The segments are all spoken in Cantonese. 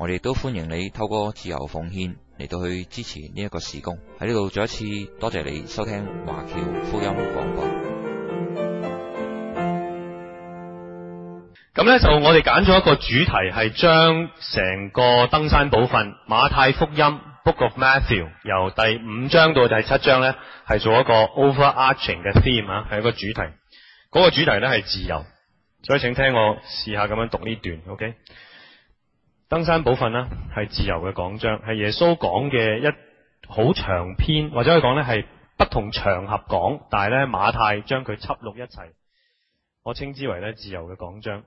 我哋都歡迎你透過自由奉獻嚟到去支持呢一個事工。喺呢度再一次多謝你收聽華僑福音廣播。咁呢，就我哋揀咗一個主題，係將成個登山寶訓馬太福音 Book of Matthew 由第五章到第七章呢，係做一個 overarching 嘅 theme 啊，係一個主題。嗰個主題呢，係自由，所以請聽我試下咁樣讀呢段，OK？登山寶訓呢，係自由嘅講章，係耶穌講嘅一好長篇，或者可以講咧係不同場合講，但係咧馬太將佢輯錄一齊，我稱之為咧自由嘅講章。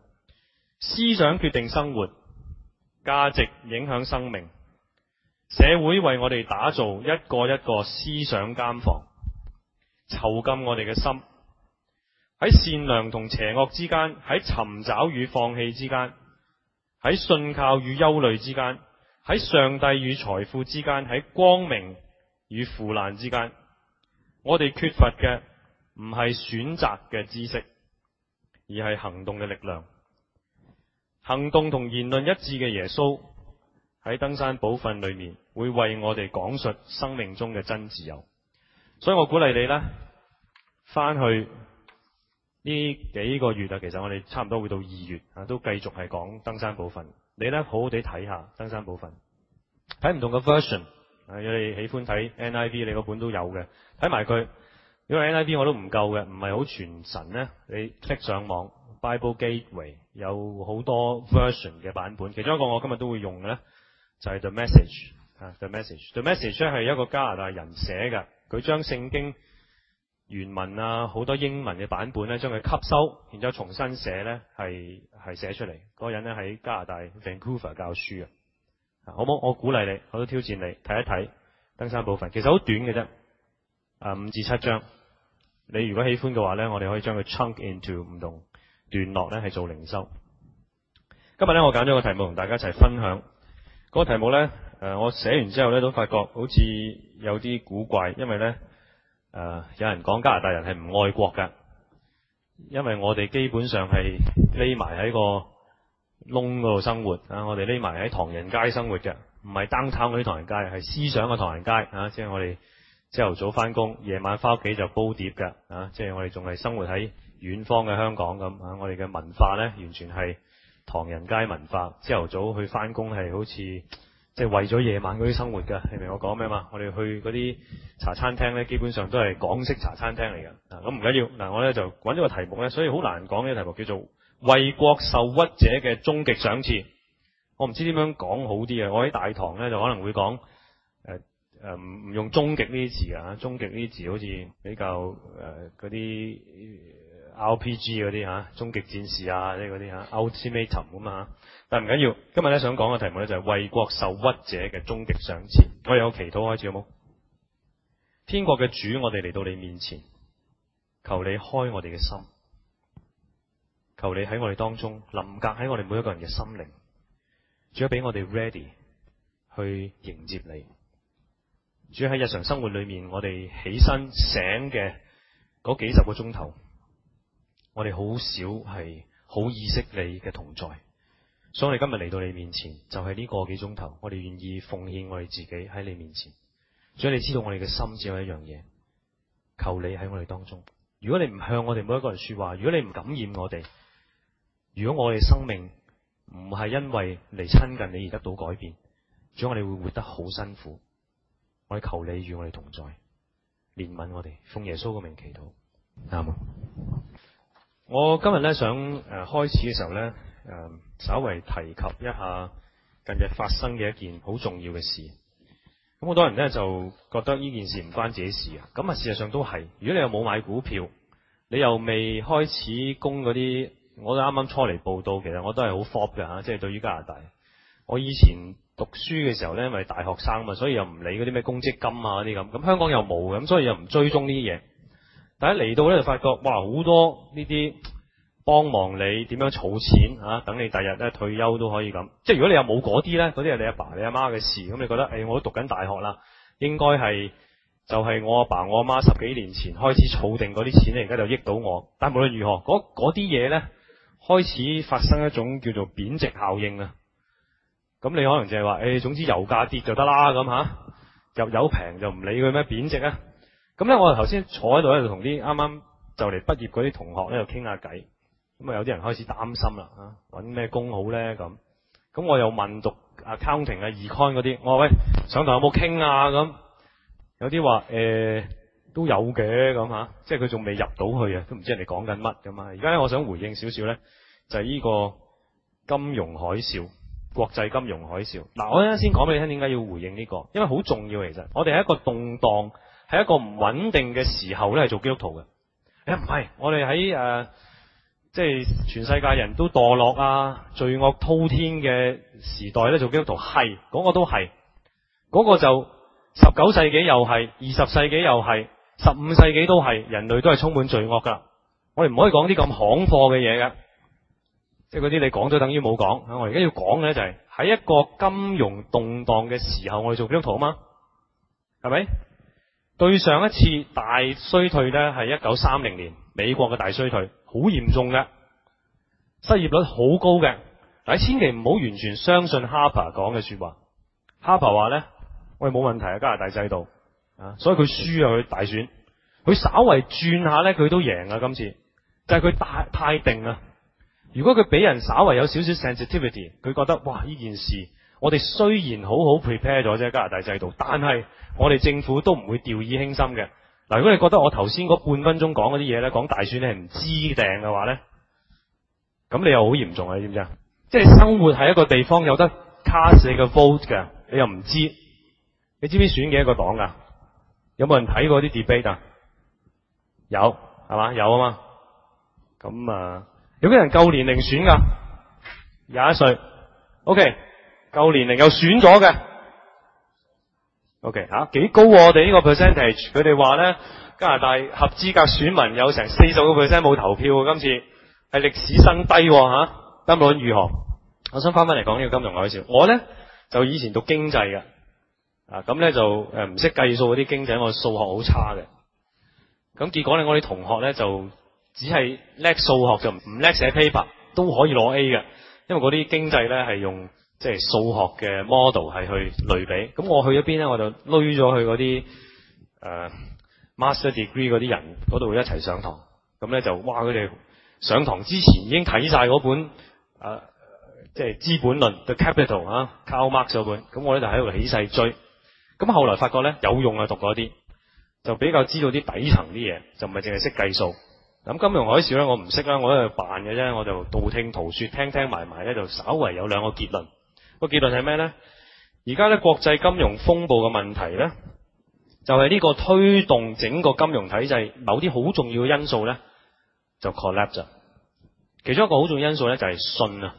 思想決定生活，價值影響生命，社會為我哋打造一個一個思想監房，囚禁我哋嘅心，喺善良同邪惡之間，喺尋找與放棄之間。喺信靠與憂慮之間，喺上帝與財富之間，喺光明與腐爛之間，我哋缺乏嘅唔係選擇嘅知識，而係行動嘅力量。行動同言論一致嘅耶穌喺登山寶訓裏面，會為我哋講述生命中嘅真自由。所以我鼓勵你呢，翻去。呢幾個月啊，其實我哋差唔多會到二月啊，都繼續係講登山部分。你呢，好好地睇下登山部分，睇唔同嘅 version 啊。如你喜歡睇 NIV，你個本都有嘅。睇埋佢，因為 NIV 我都唔夠嘅，唔係好全神咧。你上網 Bible Gateway 有好多 version 嘅版本。其中一個我今日都會用嘅呢，就係、是、The Message 啊，The Message。The Message 咧係一個加拿大人寫嘅，佢將聖經原文啊，好多英文嘅版本咧，將佢吸收，然之後重新寫咧，係係寫出嚟。嗰個人咧喺加拿大 Vancouver 教書啊，好唔好？我鼓勵你，我都挑戰你，睇一睇登山部分，其實好短嘅啫，啊五至七章。你如果喜歡嘅話咧，我哋可以將佢 chunk into 唔同段落咧，係做零收。今日咧，我揀咗個題目同大家一齊分享。嗰個題目咧，誒、呃，我寫完之後咧，都發覺好似有啲古怪，因為咧。誒、呃，有人講加拿大人係唔愛國㗎，因為我哋基本上係匿埋喺個窿嗰度生活啊，我哋匿埋喺唐人街生活嘅，唔係擔炒嗰啲唐人街，係思想嘅唐人街啊，即係我哋朝頭早翻工，夜晚翻屋企就煲碟㗎啊，即係我哋仲係生活喺遠方嘅香港咁啊，我哋嘅文化呢，完全係唐人街文化，朝頭早去翻工係好似。即係為咗夜晚嗰啲生活㗎，你明我講咩嘛？我哋去嗰啲茶餐廳咧，基本上都係港式茶餐廳嚟㗎。啊，咁唔緊要，嗱，我呢就揾咗個題目咧，所以好難講呢個題目，叫做為國受屈者嘅終極賞賜。我唔知點樣講好啲嘅，我喺大堂呢就可能會講，誒、呃、誒，唔、呃、唔用終極呢啲詞㗎嚇，終極呢啲詞好似比較誒嗰啲。呃 RPG 啲吓，終極戰士啊，即係啲吓，Ultimate 咁啊！但係唔緊要，今日咧想講嘅題目咧就係為國受屈者嘅終極賞賜。我哋有祈禱開始好冇？天國嘅主，我哋嚟到你面前，求你開我哋嘅心，求你喺我哋當中臨格喺我哋每一個人嘅心靈，主要俾我哋 ready 去迎接你。主要喺日常生活裏面，我哋起身醒嘅幾十個鐘頭。我哋好少係好意識你嘅同在，所以我哋今日嚟到你面前，就係呢個幾鐘頭，我哋願意奉獻我哋自己喺你面前，所以你知道我哋嘅心只有一樣嘢，求你喺我哋當中。如果你唔向我哋每一個人說話，如果你唔感染我哋，如果我哋生命唔係因為嚟親近你而得到改變，所以我哋會活得好辛苦。我哋求你與我哋同在，憐憫我哋，奉耶穌嘅名祈禱，啱。我今日咧想誒、呃、開始嘅時候咧誒、呃，稍微提及一下近日發生嘅一件好重要嘅事。咁好多人咧就覺得呢件事唔關自己事啊。咁啊，事實上都係。如果你又冇買股票，你又未開始供嗰啲，我都啱啱初嚟報道，其實我都係好 fob 㗎吓，即係對於加拿大。我以前讀書嘅時候咧，因為大學生嘛，所以又唔理嗰啲咩公積金啊嗰啲咁。咁香港又冇，咁所以又唔追蹤呢啲嘢。第一嚟到咧就發覺，哇，好多呢啲幫忙你點樣儲錢啊，等你第日咧退休都可以咁。即係如果你又冇嗰啲呢？嗰啲係你阿爸你阿媽嘅事，咁你覺得誒、欸，我都讀緊大學啦，應該係就係、是、我阿爸我阿媽十幾年前開始儲定嗰啲錢，你而家就益到我。但係無論如何，嗰啲嘢呢，開始發生一種叫做貶值效應啦。咁你可能就係話，誒、欸，總之油價跌就得啦，咁吓又有平就唔理佢咩貶值啊。咁咧、嗯，我頭先坐喺度咧，就同啲啱啱就嚟畢業嗰啲同學咧，又傾下偈。咁啊，有啲人開始擔心啦嚇，揾、啊、咩工好咧咁。咁、嗯、我又問讀啊，accounting 啊、e、econ 嗰啲，我話喂，上堂有冇傾啊咁？有啲話誒，都有嘅咁吓，即係佢仲未入到去啊，都唔知人哋講緊乜咁啊。而家咧，我想回應少少咧，就係、是、呢個金融海嘯，國際金融海嘯。嗱、嗯，我依家先講俾你聽點解要回應呢、這個，因為好重要其實。我哋係一個動盪。喺一個唔穩定嘅時候呢係做基督徒嘅。誒、哎，唔係，我哋喺誒，即係全世界人都墮落啊，罪惡滔天嘅時代呢做基督徒係，嗰、那個都係。嗰、那個就十九世紀又係，二十世紀又係，十五世紀都係，人類都係充滿罪惡噶。我哋唔可以講啲咁行貨嘅嘢嘅，即係嗰啲你講咗等於冇講。我而家要講嘅就係、是、喺一個金融動盪嘅時候，我哋做基督徒嘛，係咪？對上一次大衰退呢，係一九三零年美國嘅大衰退，好嚴重嘅，失業率好高嘅。但係千祈唔好完全相信 Harper 講嘅說話。Harper 話呢：「喂，我哋冇問題啊，加拿大制度啊，所以佢輸啊，佢大選，佢稍為轉下呢，佢都贏啊，今次就係佢太定啊。如果佢俾人稍為有少少 sensitivity，佢覺得哇呢件事。我哋雖然好好 prepare 咗啫加拿大制度，但係我哋政府都唔會掉以輕心嘅。嗱，如果你覺得我頭先嗰半分鐘講嗰啲嘢咧，講大選你係唔知定嘅話咧，咁你又好嚴重啊！你知唔知啊？即係生活喺一個地方有得卡死 s 嘅 vote 嘅，你又唔知，你知唔知選幾多個黨噶？有冇人睇過啲 debate 啊？有係嘛？有啊嘛。咁啊，有啲、啊、人夠年齡選噶，廿一歲。OK。夠年齡又選咗嘅，OK 吓、啊，幾高、啊、我哋呢個 percentage？佢哋話咧，加拿大合資格選民有成四十個 percent 冇投票，今次係歷史新低吓、啊。今、啊、輪如何？我想翻翻嚟講呢個金融海嘯。我咧就以前讀經濟嘅，啊咁咧就誒唔識計數嗰啲經濟，我數學好差嘅。咁結果咧，我啲同學咧就只係叻數學就唔叻寫 paper 都可以攞 A 嘅，因為嗰啲經濟咧係用。即係數學嘅 model 係去類比，咁我去咗邊咧？我就攞咗去嗰啲誒 master degree 嗰啲人嗰度一齊上堂，咁咧就哇佢哋上堂之前已經睇晒嗰本誒、啊、即係資本論 The Capital 嚇、啊，Karl Marx 嗰本，咁我咧就喺度起勢追，咁後來發覺咧有用啊讀嗰啲，就比較知道啲底層啲嘢，就唔係淨係識計數。咁金融海嘯咧我唔識啦，我喺度扮嘅啫，我就道聽途説，聽聽，聽埋埋咧就稍為有兩個結論。個結論係咩咧？而家呢國際金融風暴嘅問題呢，就係呢個推動整個金融體制某啲好重要嘅因素呢，就 collapse。其中一個好重要因素呢，就係信啊，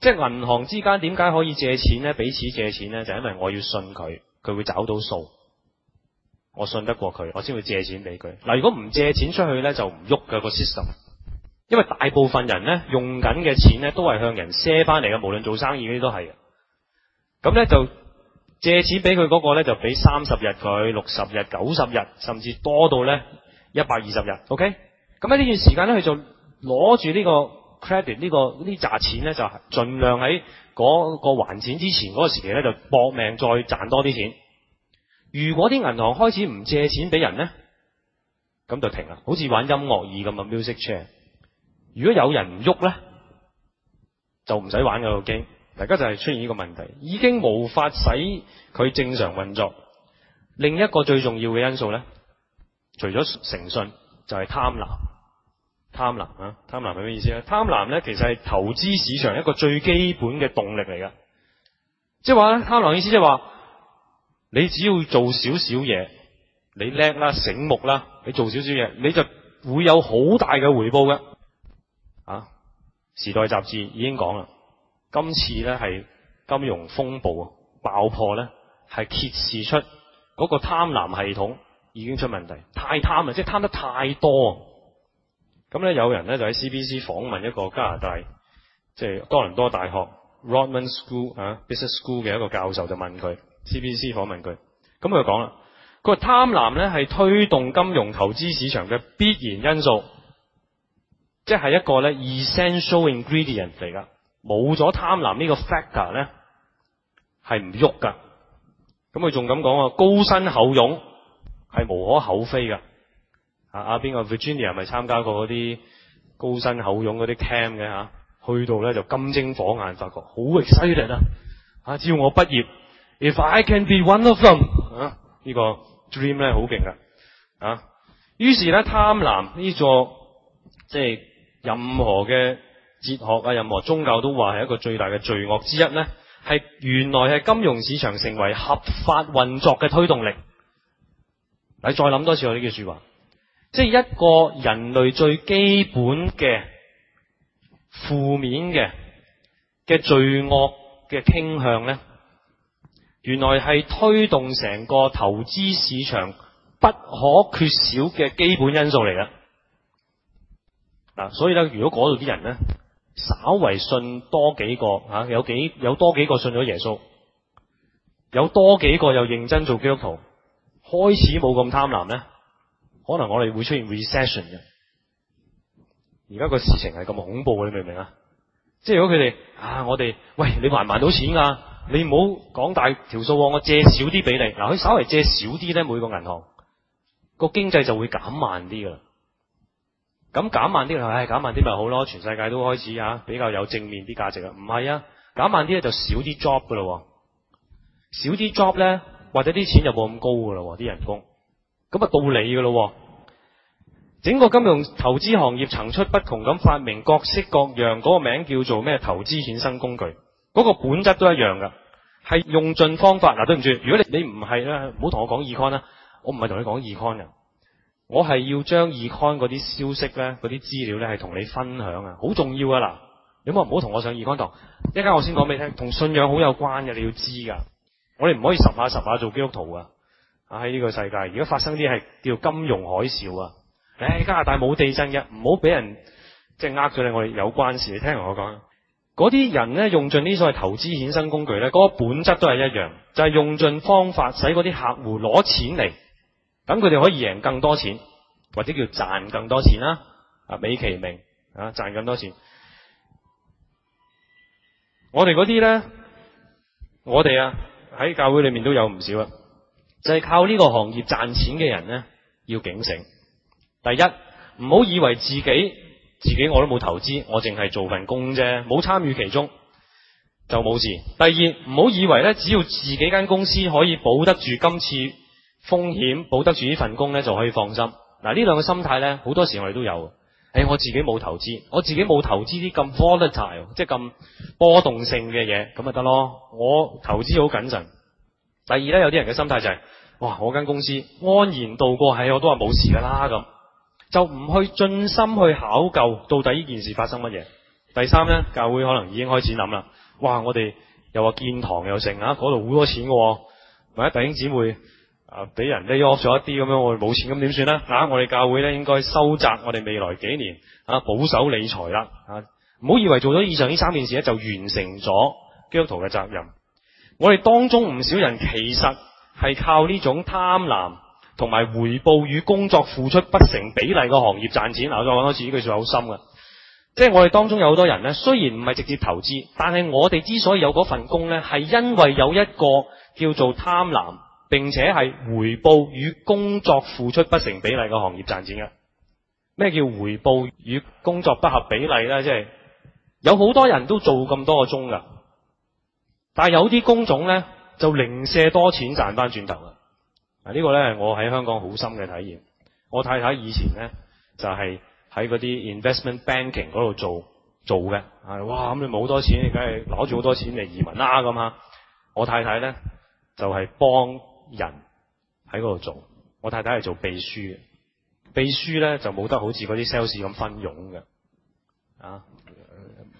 即係銀行之間點解可以借錢呢？彼此借錢呢，就因為我要信佢，佢會找到數，我信得過佢，我先會借錢俾佢嗱。如果唔借錢出去呢，就唔喐佢個 system，因為大部分人呢，用緊嘅錢呢，都係向人賒翻嚟嘅，無論做生意嗰啲都係。咁咧就借錢俾佢嗰個咧，就俾三十日佢、六十日、九十日，甚至多到咧一百二十日，OK？咁喺呢段時間咧，佢就攞住、這個、呢個 credit 呢個呢紮錢咧，就盡量喺嗰個還錢之前嗰個時期咧，就搏命再賺多啲錢。如果啲銀行開始唔借錢俾人咧，咁就停啦，好似玩音樂椅咁嘅 music chair。如果有人唔喐咧，就唔使玩嗰個機。大家就係出現呢個問題，已經無法使佢正常運作。另一個最重要嘅因素咧，除咗誠信，就係貪婪。貪婪啊，貪婪係咩意思咧？貪婪咧，其實係投資市場一個最基本嘅動力嚟噶。即係話咧，貪婪意思即係話，你只要做少少嘢，你叻啦，醒目啦，你做少少嘢，你就會有好大嘅回報噶。啊，《時代雜誌》已經講啦。今次呢係金融風暴爆破呢，係揭示出嗰個貪婪系統已經出問題，太貪啦，即係貪得太多。咁呢有人呢就喺 CBC 訪問一個加拿大即係多倫多大學 Rodman School 啊、啊、Business School 嘅一個教授，就問佢 CBC 訪問佢，咁佢講啦，佢話貪婪呢，係推動金融投資市場嘅必然因素，即係一個呢 essential ingredient 嚟㗎。冇咗貪婪呢個 factor 咧，係唔喐噶。咁佢仲咁講啊，高薪厚勇係無可厚非噶。啊，阿邊個 Virginia 咪參加過嗰啲高薪厚勇嗰啲 camp 嘅吓，啊，去到咧就金睛火眼，發覺好犀利啊！啊，只要我畢業，If I can be one of them，啊，這個，呢個 dream 咧好勁啊！啊，於是咧貪婪呢座即係任何嘅。哲學啊，任何宗教都話係一個最大嘅罪惡之一呢，係原來係金融市場成為合法運作嘅推動力。你再諗多次我呢句說話，即係一個人類最基本嘅負面嘅嘅罪惡嘅傾向呢，原來係推動成個投資市場不可缺少嘅基本因素嚟嘅。嗱，啊，所以咧，如果嗰度啲人呢。稍微信多幾個吓、啊，有幾有多幾個信咗耶穌，有多幾個又認真做基督徒，開始冇咁貪婪咧，可能我哋會出現 recession 嘅。而家個事情係咁恐怖，你明唔明啊？即係如果佢哋啊，我哋喂，你還唔還到錢噶、啊？你唔好講大條數、哦，我借少啲俾你嗱，佢、啊、稍微借少啲咧，每個銀行個經濟就會減慢啲噶啦。咁減慢啲，唉，減慢啲咪好咯？全世界都開始嚇、啊，比較有正面啲價值啊！唔係啊，減慢啲咧就少啲 job 噶咯，少啲 job 咧，或者啲錢就冇咁高噶咯，啲人工。咁啊，到你噶咯。整個金融投資行業層出不窮咁發明各式各樣嗰、那個名叫做咩投資衍生工具，嗰、那個本質都一樣噶，係用盡方法。嗱、啊，對唔住，如果你、e、con，你唔係咧，唔好同我講 econ 啦，我唔係同你講 econ 嘅。我係要將二刊嗰啲消息呢，嗰啲資料呢，係同你分享啊，好重要噶啦！你冇唔好同我上二刊堂，一陣間我先講俾你聽，同信仰好有關嘅，你要知噶。我哋唔可以十下十下做基督徒噶，喺呢個世界，如果發生啲係叫金融海嘯啊，你喺、哎、加拿大冇地震嘅，唔好俾人即係呃咗你，我哋有關事，你聽我講。嗰啲人呢，用盡呢所謂投資衍生工具呢，嗰個本質都係一樣，就係用盡方法使嗰啲客戶攞錢嚟。咁佢哋可以贏更多錢，或者叫賺更多錢啦，啊。美其名啊，賺更多錢。我哋嗰啲呢，我哋啊喺教會裏面都有唔少啦，就係靠呢個行業賺錢嘅人呢，要警醒。第一，唔好以為自己自己我都冇投資，我淨係做份工啫，冇參與其中就冇事。第二，唔好以為呢，只要自己間公司可以保得住今次。風險保得住呢份工呢，就可以放心。嗱，呢兩個心態呢，好多時我哋都有。誒，我自己冇投資，我自己冇投資啲咁 volatile，即係咁波動性嘅嘢，咁咪得咯。我投資好謹慎。第二呢，有啲人嘅心態就係、是：哇，我間公司安然度過係、哎，我都話冇事㗎啦咁，就唔去盡心去考究到底呢件事發生乜嘢。第三呢，教會可能已經開始諗啦：哇，我哋又話建堂又剩啊，嗰度好多錢嘅喎，萬一弟兄姊妹。啊！俾人 lay off 咗一啲咁樣，我哋冇錢咁點算咧？嗱，我哋教會咧應該收窄我哋未來幾年啊保守理財啦啊！唔好以為做咗以上呢三件事咧就完成咗基督徒嘅責任。我哋當中唔少人其實係靠呢種貪婪同埋回報與工作付出不成比例嘅行業賺錢。嗱、啊，我再講多次呢句說話好深嘅，即係我哋當中有好多人咧，雖然唔係直接投資，但係我哋之所以有嗰份工呢係因為有一個叫做貪婪。並且係回報與工作付出不成比例嘅行業賺錢嘅。咩叫回報與工作不合比例呢？即係有好多人都做咁多個鐘噶，但係有啲工種呢，就零舍多錢賺翻轉頭啦。啊，這個、呢個呢我喺香港好深嘅體驗。我太太以前呢，就係、是、喺嗰啲 investment banking 嗰度做做嘅。啊，哇，咁你冇多錢，你梗係攞住好多錢嚟移民啦咁啊。我太太呢，就係幫。人喺嗰度做，我太太係做秘書嘅，秘書咧就冇得好似嗰啲 sales 咁分佣嘅，啊，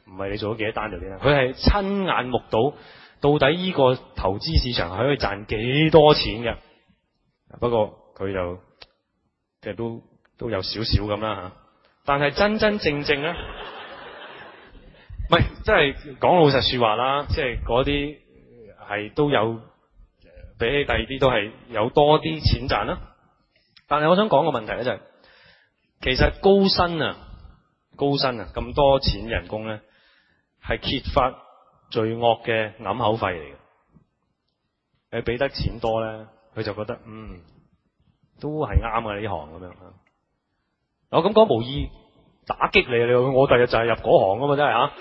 唔係你做咗幾多單就點啊？佢係親眼目睹到底呢個投資市場係可以賺幾多錢嘅，不過佢就即係都都有少少咁啦吓，但係真真正正咧，唔係， 真係，即係講老實說話啦，即係嗰啲係都有。比起第二啲都係有多啲錢賺啦，但係我想講個問題咧就係，是，其實高薪啊，高薪啊咁多錢人工咧，係揭發罪惡嘅揞口費嚟嘅。你俾得錢多咧，佢就覺得嗯，都係啱啊呢行咁樣嚇。我咁講無意打擊你，你話我第日就係入嗰行啊嘛，真係啊！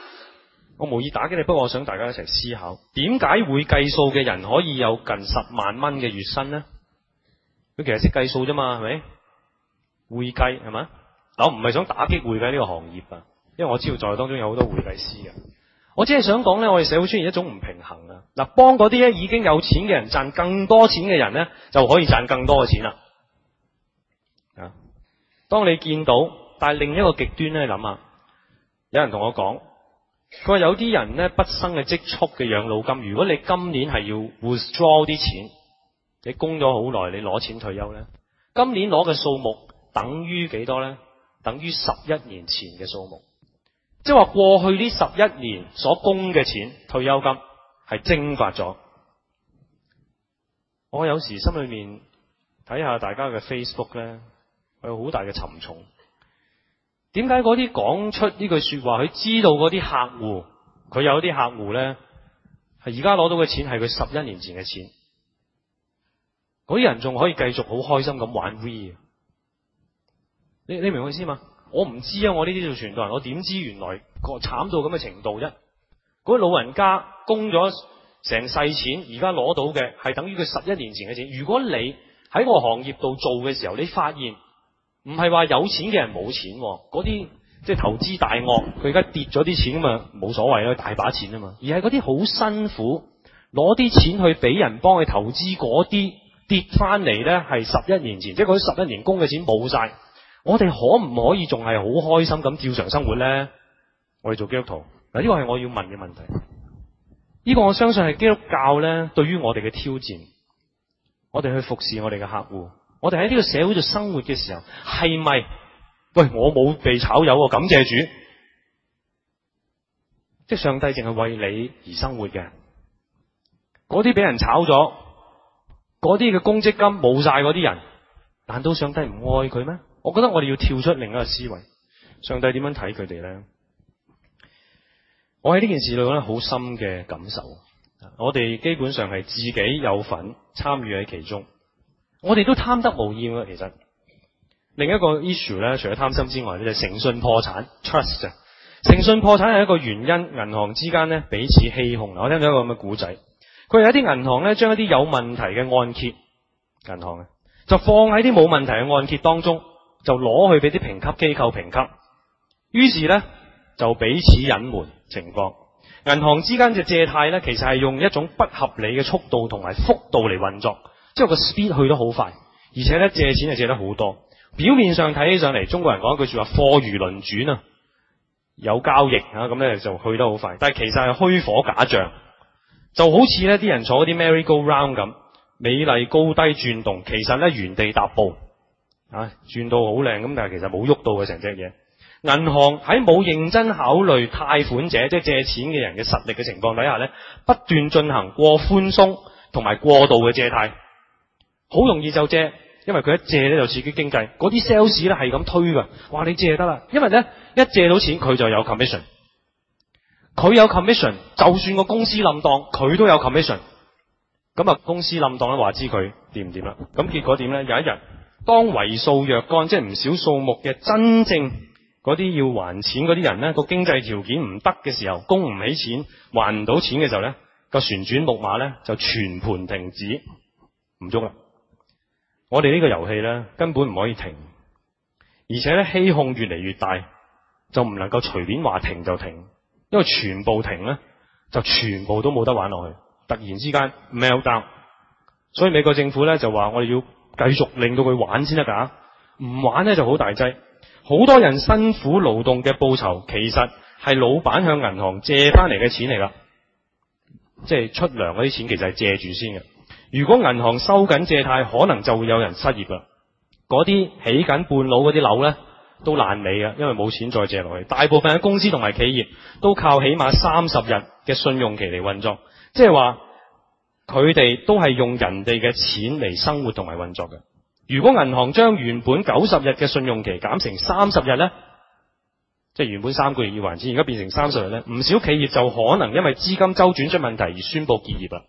我無意打擊你，不過我想大家一齊思考，點解會計數嘅人可以有近十萬蚊嘅月薪呢？佢其實識計數啫嘛，係咪？會計係咪？嗱，我唔係想打擊會計呢個行業啊，因為我知道在當中有好多會計師啊。我只係想講呢，我哋社會出現一種唔平衡啊！嗱，幫嗰啲已經有錢嘅人賺更多錢嘅人呢，就可以賺更多嘅錢啦。啊，當你見到，但係另一個極端呢，諗下，有人同我講。佢話有啲人咧，畢生嘅積蓄嘅養老金，如果你今年係要 withdraw 啲錢，你供咗好耐，你攞錢退休咧，今年攞嘅數目等於幾多咧？等於十一年前嘅數目，即係話過去呢十一年所供嘅錢，退休金係蒸發咗。我有時心裏面睇下大家嘅 Facebook 咧，我有好大嘅沉重。點解嗰啲講出呢句說話？佢知道嗰啲客戶，佢有啲客戶咧，係而家攞到嘅錢係佢十一年前嘅錢。嗰啲人仲可以繼續好開心咁玩 V 啊？你你明我意思嘛？我唔知啊！我呢啲做傳道人，我點知原來慘到咁嘅程度啫？嗰啲老人家供咗成世錢，而家攞到嘅係等於佢十一年前嘅錢。如果你喺個行業度做嘅時候，你發現，唔係話有錢嘅人冇錢，嗰啲即係投資大鱷，佢而家跌咗啲錢啊嘛，冇所謂啦，大把錢啊嘛。而係嗰啲好辛苦攞啲錢去俾人幫佢投資嗰啲跌翻嚟，呢係十一年前，即係嗰十一年工嘅錢冇晒。我哋可唔可以仲係好開心咁照常生活呢？我哋做基督徒嗱，呢個係我要問嘅問題。呢個我相信係基督教呢對於我哋嘅挑戰，我哋去服侍我哋嘅客戶。我哋喺呢個社會度生活嘅時候，係咪？喂，我冇被炒魷，感謝主，即係上帝淨係為你而生活嘅。嗰啲俾人炒咗，嗰啲嘅公積金冇晒嗰啲人，難道上帝唔愛佢咩？我覺得我哋要跳出另一個思維，上帝點樣睇佢哋咧？我喺呢件事裏咧，好深嘅感受。我哋基本上係自己有份參與喺其中。我哋都貪得無厭啊！其實另一個 issue 咧，除咗貪心之外，你就係誠信破產 trust 啊！誠信破產係一個原因，銀行之間咧，彼此欺哄。我聽到一個咁嘅故仔，佢係一啲銀行咧將一啲有問題嘅按揭銀行咧，就放喺啲冇問題嘅按揭當中，就攞去俾啲評級機構評級。於是咧就彼此隱瞞情況，銀行之間嘅借貸咧其實係用一種不合理嘅速度同埋幅度嚟運作。之後個 speed 去得好快，而且咧借錢就借得好多。表面上睇起上嚟，中國人講一句說話：貨如輪轉啊，有交易啊，咁咧就去得好快。但係其實係虛火假象，就好似呢啲人坐啲 Merry-Go-Round 咁，美麗高低轉動。其實咧原地踏步啊、哎，轉到好靚咁，但係其實冇喐到嘅成隻嘢。銀行喺冇認真考慮貸款者即係借錢嘅人嘅實力嘅情況底下咧，不斷進行過寬鬆同埋過度嘅借貸。好容易就借，因為佢一借咧就刺激經濟。嗰啲 sales 咧係咁推噶，話你借得啦。因為呢一借到錢佢就有 commission，佢有 commission，就算個公司冧檔佢都有 commission、嗯。咁啊公司冧檔咧，話知佢掂唔掂啦？咁結果點呢？有一日當為數若干即係唔少數目嘅真正嗰啲要還錢嗰啲人呢，個經濟條件唔得嘅時候，供唔起錢還唔到錢嘅時候呢，個旋轉木馬呢就全盤停止，唔中啦。我哋呢個遊戲呢，根本唔可以停，而且咧希控越嚟越大，就唔能夠隨便話停就停，因為全部停呢，就全部都冇得玩落去。突然之間 meltdown，所以美國政府呢，就話我哋要繼續令到佢玩先得噶，唔玩呢，就好大劑。好多人辛苦勞動嘅報酬，其實係老闆向銀行借翻嚟嘅錢嚟啦，即係出糧嗰啲錢其實係借住先嘅。如果銀行收緊借貸，可能就會有人失業啦。嗰啲起緊半老嗰啲樓呢，都爛尾啊，因為冇錢再借落去。大部分嘅公司同埋企業都靠起碼三十日嘅信用期嚟運作，即係話佢哋都係用人哋嘅錢嚟生活同埋運作嘅。如果銀行將原本九十日嘅信用期減成三十日呢，即係原本三個月要還錢，而家變成三十日呢，唔少企業就可能因為資金周轉出問題而宣布結業啊。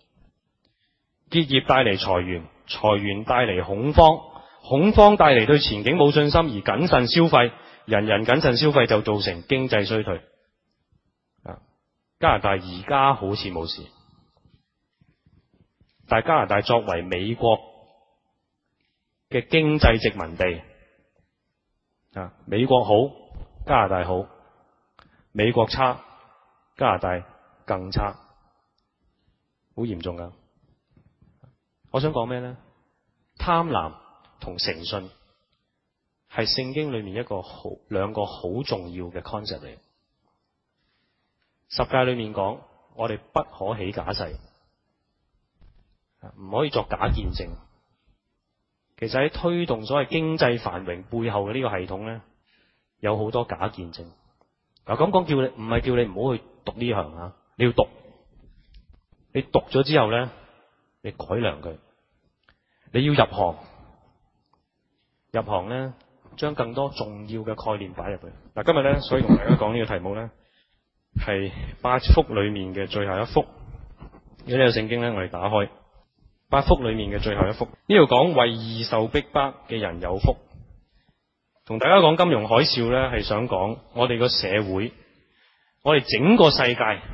結業帶嚟裁員，裁員帶嚟恐慌，恐慌帶嚟對前景冇信心而謹慎消費，人人謹慎消費就造成經濟衰退。啊，加拿大而家好似冇事，但加拿大作為美國嘅經濟殖民地，啊，美國好，加拿大好，美國差，加拿大更差，好嚴重噶。我想講咩呢？貪婪同誠信係聖經裏面一個好兩個好重要嘅 concept 嚟。十誡裏面講，我哋不可起假誓，唔可以作假見證。其實喺推動所謂經濟繁榮背後嘅呢個系統呢，有好多假見證。嗱，噉講叫你唔係叫你唔好去讀呢項啊，你要讀。你讀咗之後呢，你改良佢。你要入行，入行咧，將更多重要嘅概念擺入去。嗱，今日咧，所以同大家講呢個題目咧，係八福裏面嘅最後一福。如果你有聖經咧，我哋打開八福裏面嘅最後一福。呢度講為義受逼迫嘅人有福。同大家講金融海嘯咧，係想講我哋個社會，我哋整個世界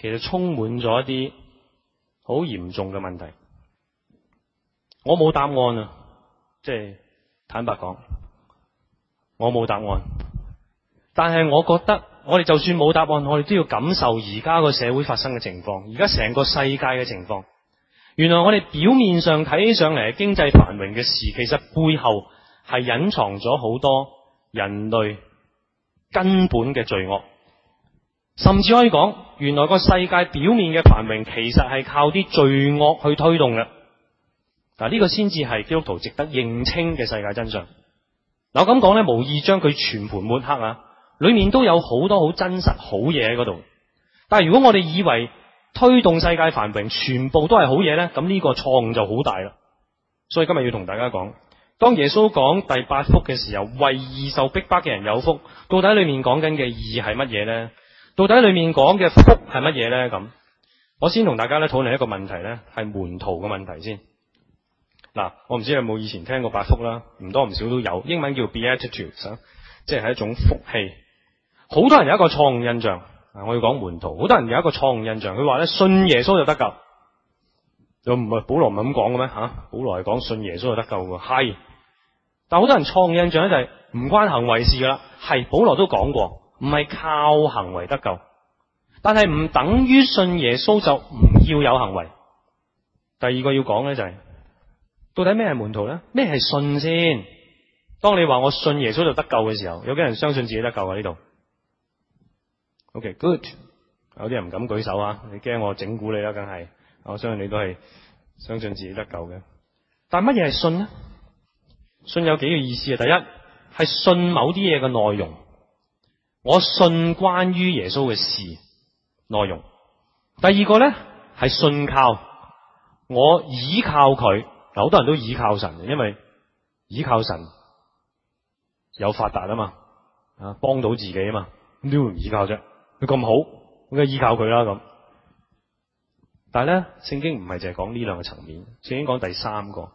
其實充滿咗一啲好嚴重嘅問題。我冇答案啊！即係坦白講，我冇答案。但係我覺得，我哋就算冇答案，我哋都要感受而家個社會發生嘅情況，而家成個世界嘅情況。原來我哋表面上睇上嚟經濟繁榮嘅事，其實背後係隱藏咗好多人類根本嘅罪惡。甚至可以講，原來個世界表面嘅繁榮，其實係靠啲罪惡去推動嘅。嗱，呢個先至係基督徒值得認清嘅世界真相。嗱，我咁講咧，無意將佢全盤抹黑啊！裏面都有好多好真實好嘢喺嗰度。但係如果我哋以為推動世界繁榮全部都係好嘢咧，咁呢個錯誤就好大啦。所以今日要同大家講，當耶穌講第八福嘅時候，為義受逼迫嘅人有福，到底裏面講緊嘅義係乜嘢咧？到底裏面講嘅福係乜嘢咧？咁我先同大家咧討論一個問題咧，係門徒嘅問題先。嗱，我唔知你有冇以前聽過八福啦，唔多唔少都有。英文叫 Beatitudes，啊，即係一種福氣。好多人有一個錯誤印象，我要講門徒，好多人有一個錯誤印象，佢話咧信耶穌就得救，又，就唔係保羅唔係咁講嘅咩吓？保羅係講信耶穌就得救嘅，係。但好多人錯誤印象咧就係唔關行為事噶啦，係保羅都講過，唔係靠行為得救，但係唔等於信耶穌就唔要有行為。第二個要講咧就係、是。到底咩係門徒咧？咩係信先？當你話我信耶穌就得救嘅時候，有幾人相信自己得救啊？呢度 OK good，有啲人唔敢舉手啊？你驚我整蠱你啦？梗係我相信你都係相信自己得救嘅。但係乜嘢係信呢？信有幾個意思啊？第一係信某啲嘢嘅內容，我信關於耶穌嘅事內容。第二個咧係信靠，我倚靠佢。好多人都倚靠神，因為倚靠神有發達啊嘛，啊幫到自己啊嘛，都唔依靠啫。佢咁好，咁就依靠佢啦。咁但係咧，聖經唔係淨係講呢兩個層面，聖經講第三個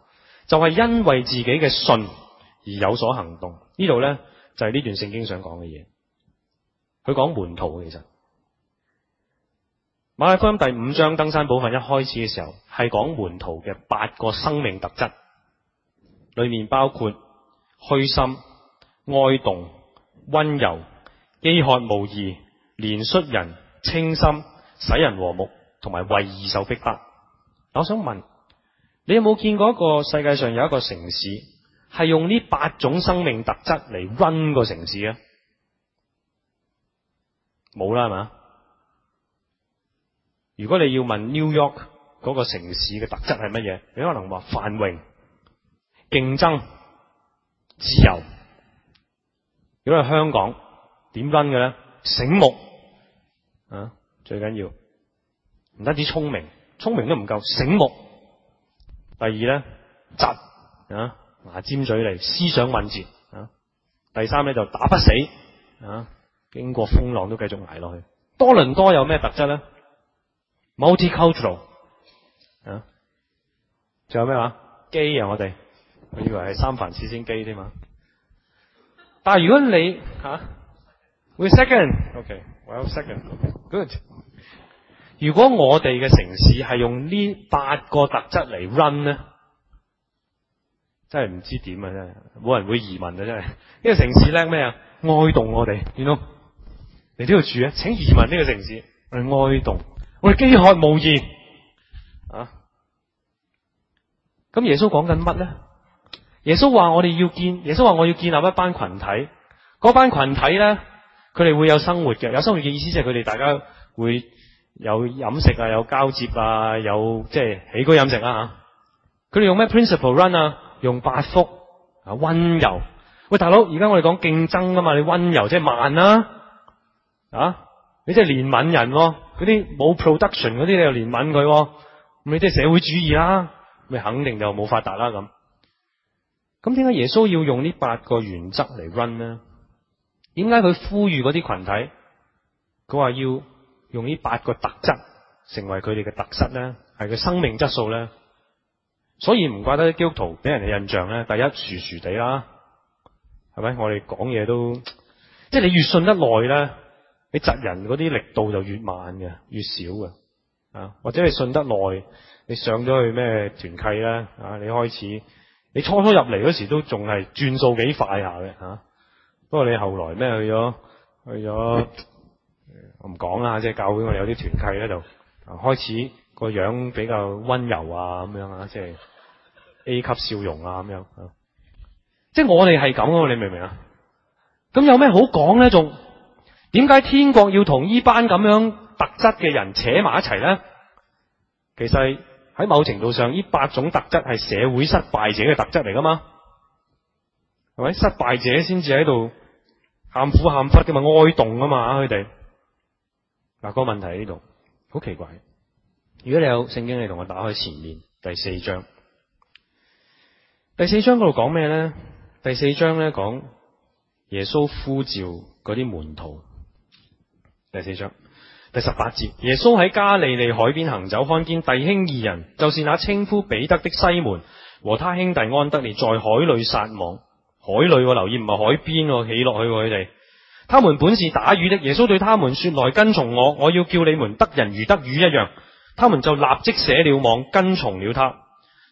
就係、是、因為自己嘅信而有所行動。呢度咧就係、是、呢段聖經想講嘅嘢，佢講門徒其實。馬太福音第五章登山部分一開始嘅時候，係講門徒嘅八個生命特質，裏面包括虛心、愛動、溫柔、飢渴慕義、憐恤人、清心、使人和睦，同埋為義受逼迫。我想問，你有冇見過一個世界上有一個城市係用呢八種生命特質嚟 run 個城市啊？冇啦，係咪啊？如果你要問 New York 嗰個城市嘅特質係乜嘢？你可能話繁榮、競爭、自由。如果係香港，點分嘅咧？醒目啊，最緊要唔單止聰明，聰明都唔夠，醒目。第二咧，窒，啊，牙尖嘴利，思想敏捷啊。第三咧就打不死啊，經過風浪都繼續捱落去。多倫多有咩特質咧？multicultural 啊，仲有咩話機啊我？我哋我以為係三藩市先機啫嘛。但係如果你吓 wait a second，OK，我有 second，good。啊 second. okay. well, second. 如果我哋嘅城市係用呢八個特質嚟 run 咧，真係唔知點啊！真係冇人會移民啊！真係呢、呢個城市叻咩啊？哀動我哋，見 you 到 know? 你呢度住啊，請移民呢個城市嚟哀、嗯、動。我哋飢渴無言啊！咁耶穌講緊乜咧？耶穌話我哋要建，耶穌話我要建立一班群，群體，嗰班群體咧，佢哋會有生活嘅，有生活嘅意思即係佢哋大家會有飲食啊，有交接啊，有即係起居飲食啊。吓。佢哋用咩 principle run 啊？用八福啊，溫柔。喂，大佬，而家我哋講競爭㗎嘛？你溫柔即係、就是、慢啦、啊，啊？你即係憐憫人、啊，嗰啲冇 production 嗰啲你又憐憫佢，咪即係社會主義啦、啊，咪肯定就冇發達啦咁。咁點解耶穌要用呢八個原則嚟 run 呢？點解佢呼籲嗰啲群體，佢話要用呢八個特質成為佢哋嘅特質咧，係佢生命質素咧。所以唔怪得基督徒俾人嘅印象咧，第一薯薯地啦，係咪？我哋講嘢都即係、就是、你越信得耐咧。你窒人嗰啲力度就越慢嘅，越少嘅啊！或者你信得耐，你上咗去咩團契咧啊？你開始，你初初入嚟嗰時都仲係轉數幾快下嘅吓，不過你後來咩去咗去咗、嗯，我唔講啦，即係教會我哋有啲團契咧就開始個樣比較溫柔啊咁樣啊，即係 A 級笑容啊咁樣啊，即係我哋係咁啊！你明唔明啊？咁有咩好講咧仲？點解天國要同依班咁樣特質嘅人扯埋一齊咧？其實喺某程度上，呢八種特質係社會失敗者嘅特質嚟噶嘛？係咪失敗者先至喺度喊苦喊忽嘅嘛？哀慟啊嘛？佢哋嗱，個問題喺呢度，好奇怪。如果你有聖經，你同我打開前面第四章。第四章嗰度講咩咧？第四章咧，講耶穌呼召嗰啲門徒。第四章第十八節，耶穌喺加利利海邊行走，看見弟兄二人，就是那稱呼彼得的西門和他兄弟安德烈，在海裏撒網。海裏、啊、留意唔係海邊喎、啊，起落去佢、啊、哋。他們本是打魚的，耶穌對他們說：來跟從我，我要叫你們得人如得魚一樣。他們就立即捨了網，跟從了他。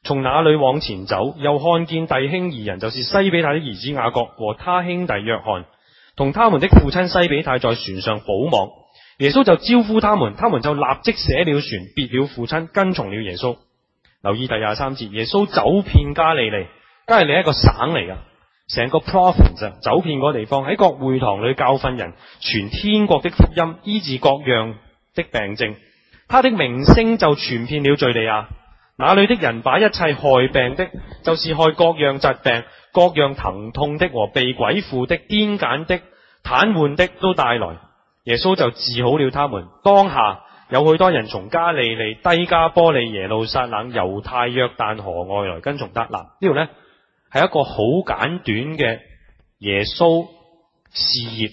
從那裏往前走，又看見弟兄二人，就是西庇太的兒子雅各和他兄弟約翰。同他們的父親西庇太在船上補網，耶穌就招呼他們，他們就立即捨了船，別了父親，跟從了耶穌。留意第廿三節，耶穌走遍加利利，加利利係一個省嚟㗎，成個 province 走遍嗰個地方，喺各會堂裏教訓人，傳天國的福音，醫治各樣的病症，他的名聲就傳遍了敘利亞，那裏的人把一切害病的，就是害各樣疾病。各樣疼痛的和被鬼附的、癲癇的、癱瘓的都帶來，耶穌就治好了他們。當下有許多人從加利利、低加波利、耶路撒冷、猶太、約旦河外來跟從得啦。呢度咧係一個好簡短嘅耶穌事業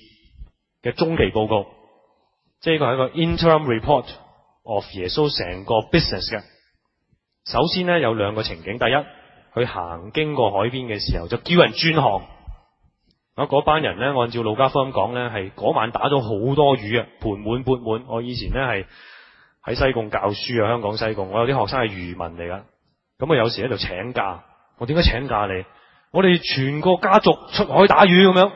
嘅中期報告，即係一個一個 interim report of 耶穌成個 business 嘅。首先咧有兩個情景，第一。去行經過海邊嘅時候，就叫人轉行。我嗰班人呢，按照老家方咁講咧，係嗰晚打咗好多魚啊，盤滿鉢滿。我以前呢，係喺西貢教書啊，香港西貢，我有啲學生係漁民嚟噶。咁啊，有時喺度請假，我點解請假嚟？我哋全個家族出海打魚咁樣，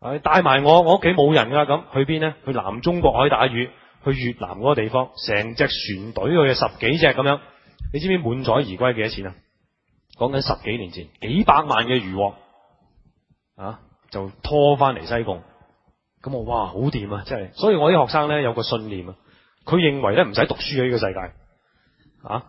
係帶埋我，我屋企冇人噶。咁去邊呢？去南中國海打魚，去越南嗰個地方，成隻船隊去啊，十幾隻咁樣。你知唔知滿載而歸幾多錢啊？講緊十幾年前，幾百萬嘅漁獲啊，就拖翻嚟西貢。咁、啊、我哇，好掂啊，真係。所以我啲學生咧有個信念啊，佢認為咧唔使讀書喺呢個世界啊。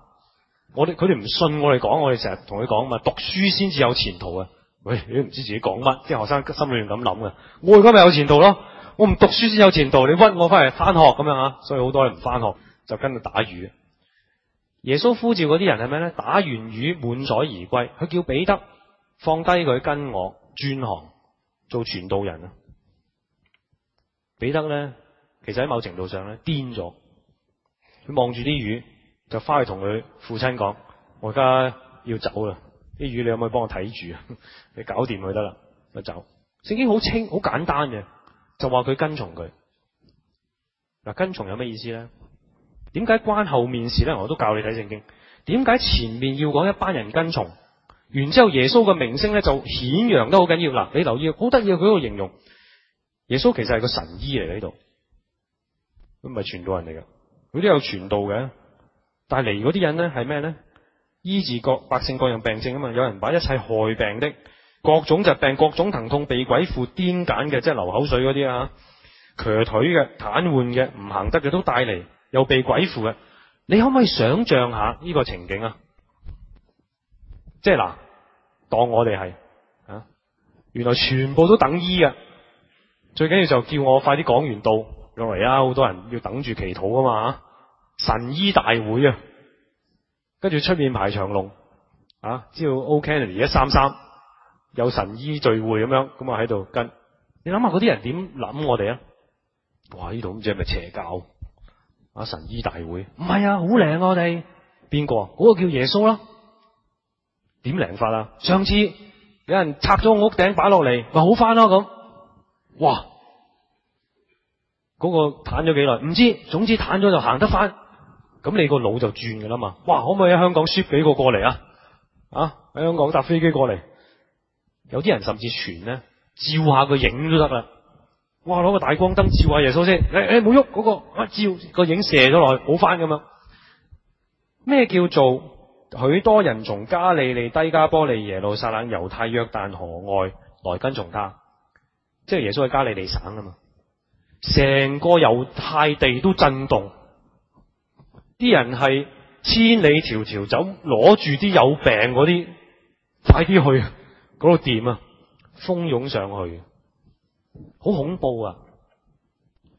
我哋佢哋唔信我哋講，我哋成日同佢講嘛，讀書先至有前途啊。喂，你都唔知自己講乜，啲學生心裏面咁諗噶。我而家咪有前途咯，我唔讀書先有前途。你屈我翻嚟翻學咁樣啊，所以好多人唔翻學，就跟住打魚。耶穌呼召嗰啲人係咩咧？打完魚滿載而歸，佢叫彼得放低佢，跟我轉行做傳道人啊！彼得咧，其實喺某程度上咧癲咗，佢望住啲魚就翻去同佢父親講：我而家要走啦，啲魚你可唔可以幫我睇住啊？ 你搞掂佢得啦，我走。聖經好清好簡單嘅，就話佢跟從佢嗱，跟從有咩意思咧？點解關後面事咧？我都教你睇聖經。點解前面要講一班人跟從，然之後耶穌嘅名聲咧就顯揚得好緊要嗱，你留意，好得意佢個形容，耶穌其實係個神醫嚟喺度，唔係傳道人嚟嘅，佢都有傳道嘅。帶嚟嗰啲人咧係咩咧？醫治各百姓各樣病症啊嘛！有人把一切害病的、各種疾病、各種疼痛、被鬼附、癲癇嘅，即係流口水嗰啲啊，瘸腿嘅、癱瘓嘅、唔行得嘅，都帶嚟。又被鬼附嘅，你可唔可以想像下呢個情景啊？即係嗱，當我哋係啊，原來全部都等醫嘅，最緊要就叫我快啲講完到落嚟啊！好多人要等住祈禱噶嘛，神醫大會啊，跟住出面排長龍啊，知道 O Kennedy 一三三有神醫聚會咁樣，咁啊喺度跟，你諗下嗰啲人點諗我哋啊？哇！呢度唔知係咪邪教？啊！神醫大會唔係啊，好靈我哋邊個？嗰個叫耶穌啦，點靈法啊？上次有人拆咗我屋頂擺落嚟，咪好翻咯咁。哇！嗰個癱咗幾耐？唔知，總之癱咗就行得翻。咁你個腦就轉噶啦嘛。哇！可唔可以喺香港 ship 幾個過嚟啊？啊，喺香港搭飛機過嚟，有啲人甚至傳咧，照下個影都得啦。哇！攞個大光燈照下、啊、耶穌先，你你冇喐嗰個一、啊、照、個影射咗落，去，好翻咁樣。咩叫做許多人從加利利、低加波利、耶路撒冷、猶太、約旦河外來跟從他？即係耶穌喺加利利省啊嘛，成個猶太地都震動，啲人係千里迢迢走，攞住啲有病嗰啲，快啲去嗰個店啊，蜂擁上去。好恐怖啊！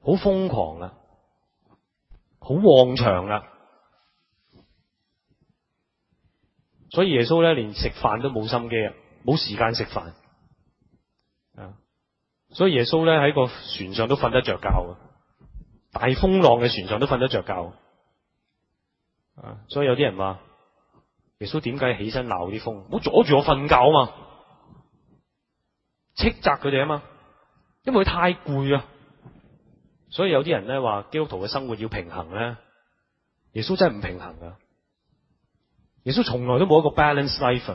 好瘋狂啊！好旺場啊！所以耶穌咧連食飯都冇心機啊，冇時間食飯啊！所以耶穌咧喺個船上都瞓得着覺啊，大風浪嘅船上都瞓得着覺啊！所以有啲人話耶穌點解起身鬧啲風？唔好阻住我瞓覺啊嘛，斥責佢哋啊嘛！因為佢太攰啊，所以有啲人咧話基督徒嘅生活要平衡咧，耶穌真係唔平衡噶。耶穌從來都冇一個 balance life，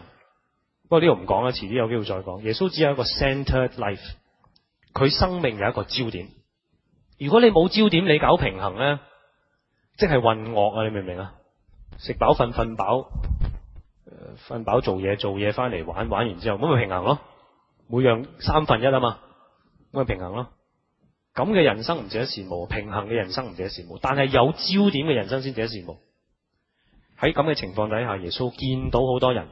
不過呢度唔講啦，遲啲有機會再講。耶穌只有一個 centered life，佢生命有一個焦點。如果你冇焦點，你搞平衡咧，即係混噩啊！你明唔明啊？食飽瞓瞓飽，瞓飽、呃、做嘢做嘢翻嚟玩玩完之後，咁咪平衡咯，每樣三分一啊嘛。咁嘅平衡咯，咁嘅人生唔值得羨慕，平衡嘅人生唔值得羨慕，但係有焦點嘅人生先值得羨慕。喺咁嘅情況底下，耶穌見到好多人，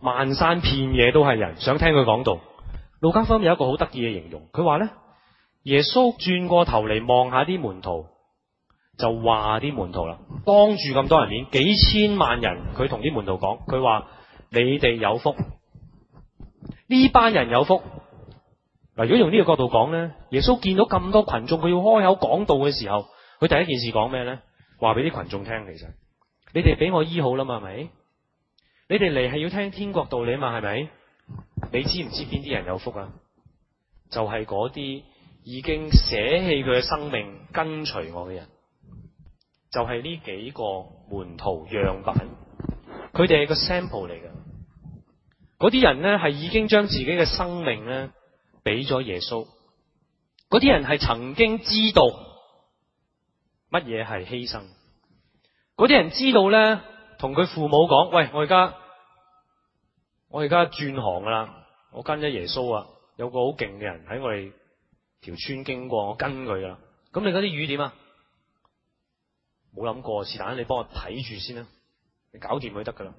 漫山遍野都係人，想聽佢講道。路加福音有一個好得意嘅形容，佢話呢耶穌轉過頭嚟望下啲門徒，就話啲門徒啦，當住咁多人面，幾千萬人，佢同啲門徒講，佢話你哋有福，呢班人有福。嗱，如果用呢個角度講呢，耶穌見到咁多群眾，佢要開口講道嘅時候，佢第一件事講咩呢？話俾啲群眾聽，其實你哋俾我醫好啦嘛，係咪？你哋嚟係要聽天國道理嘛，係咪？你知唔知邊啲人有福啊？就係嗰啲已經捨棄佢嘅生命跟隨我嘅人，就係呢幾個門徒樣板，佢哋係個 sample 嚟嘅。嗰啲人呢，係已經將自己嘅生命咧。俾咗耶穌，嗰啲人係曾經知道乜嘢係犧牲，嗰啲人知道咧，同佢父母講：喂，我而家我而家轉行噶啦，我跟咗耶穌啊，有個好勁嘅人喺我哋條村經過，我跟佢噶啦。咁你嗰啲魚點啊？冇諗過，是但你幫我睇住先啦，你搞掂佢就得噶啦。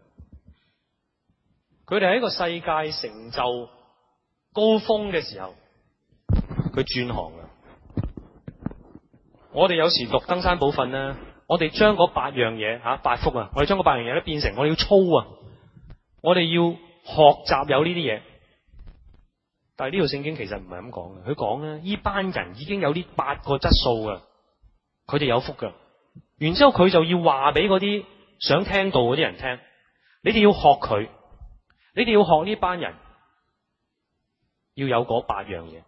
佢哋喺一個世界成就。高峰嘅時候，佢轉行啦。我哋有時讀登山寶訓咧，我哋將八樣嘢吓、啊、八福八啊，我哋將八樣嘢咧變成我哋要操啊，我哋要學習有呢啲嘢。但係呢條聖經其實唔係咁講嘅，佢講咧呢班人已經有呢八個質素啊，佢哋有福噶。然之後佢就要話俾啲想聽到啲人聽，你哋要學佢，你哋要學呢班人。要有嗰八樣嘢，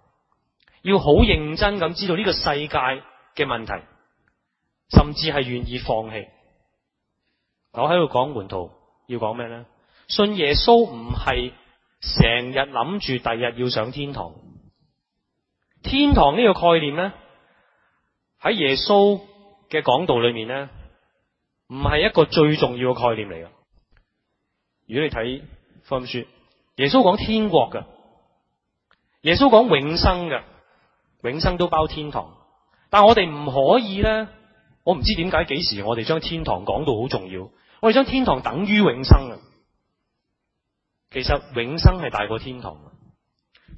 要好認真咁知道呢個世界嘅問題，甚至係願意放棄。我喺度講門徒要講咩咧？信耶穌唔係成日諗住第日要上天堂。天堂呢個概念咧，喺耶穌嘅講道裏面咧，唔係一個最重要嘅概念嚟噶。如果你睇福音書，耶穌講天國噶。耶穌講永生嘅，永生都包天堂，但我哋唔可以呢，我唔知點解，幾時我哋將天堂講到好重要，我哋將天堂等於永生啊！其實永生係大過天堂。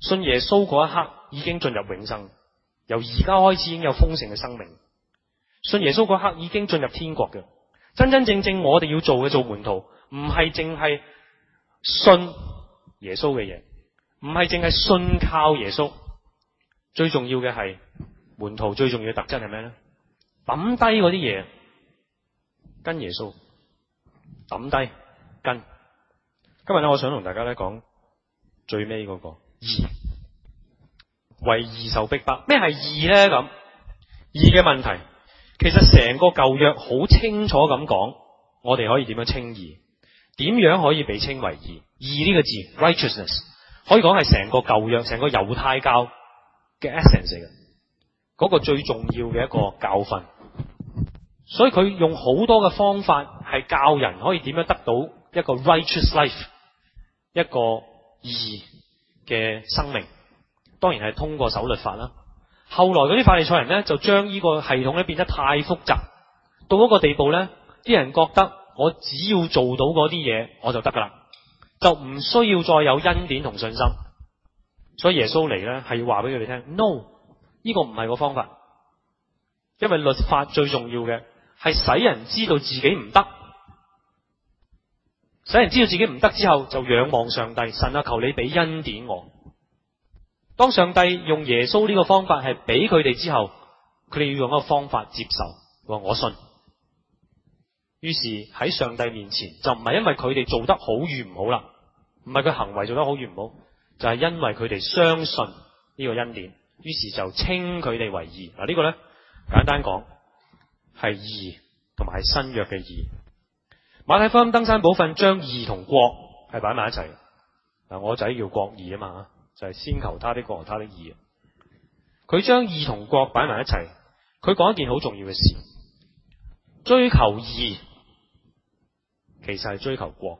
信耶穌嗰一刻已經進入永生，由而家開始已經有豐盛嘅生命。信耶穌嗰刻已經進入天國嘅，真真正正我哋要做嘅做門徒，唔係淨係信耶穌嘅嘢。唔係淨係信靠耶穌，最重要嘅係門徒最重要嘅特質係咩咧？抌低嗰啲嘢，跟耶穌抌低跟。今日咧，我想同大家咧講最尾嗰，那個義為義受逼迫，咩係義咧？咁義嘅問題其實成個舊約好清楚咁講，我哋可以點樣稱義？點樣可以被稱為義？義呢個字 righteousness。Right 可以講係成個舊約、成個猶太教嘅 essence 嚟嘅，嗰、嗰個最重要嘅一個教訓。所以佢用好多嘅方法係教人可以點樣得到一個 righteous life，一個義嘅生命。當然係通過守律法啦。後來嗰啲法利賽人呢，就將呢個系統咧變得太複雜，到一個地步呢，啲人覺得我只要做到嗰啲嘢我就得噶啦。就唔需要再有恩典同信心，所以耶穌嚟咧，係要話俾佢哋聽，no，呢個唔係個方法，因為律法最重要嘅係使人知道自己唔得，使人知道自己唔得之後就仰望上帝，神啊，求你俾恩典我。當上帝用耶穌呢個方法係俾佢哋之後，佢哋要用一個方法接受，話我信。於是喺上帝面前就唔係因為佢哋做得好與唔好啦。唔係佢行為做得好與唔好，就係、是、因為佢哋相信呢個恩典，於是就稱佢哋為義。嗱、啊這個、呢個咧，簡單講係義同埋新約嘅義。馬太福音登山寶訓將義同國係擺埋一齊。嗱、啊，我仔叫國義啊嘛，就係、是、先求他的國和他的義。佢將義同國擺埋一齊，佢講一件好重要嘅事：追求義其實係追求國。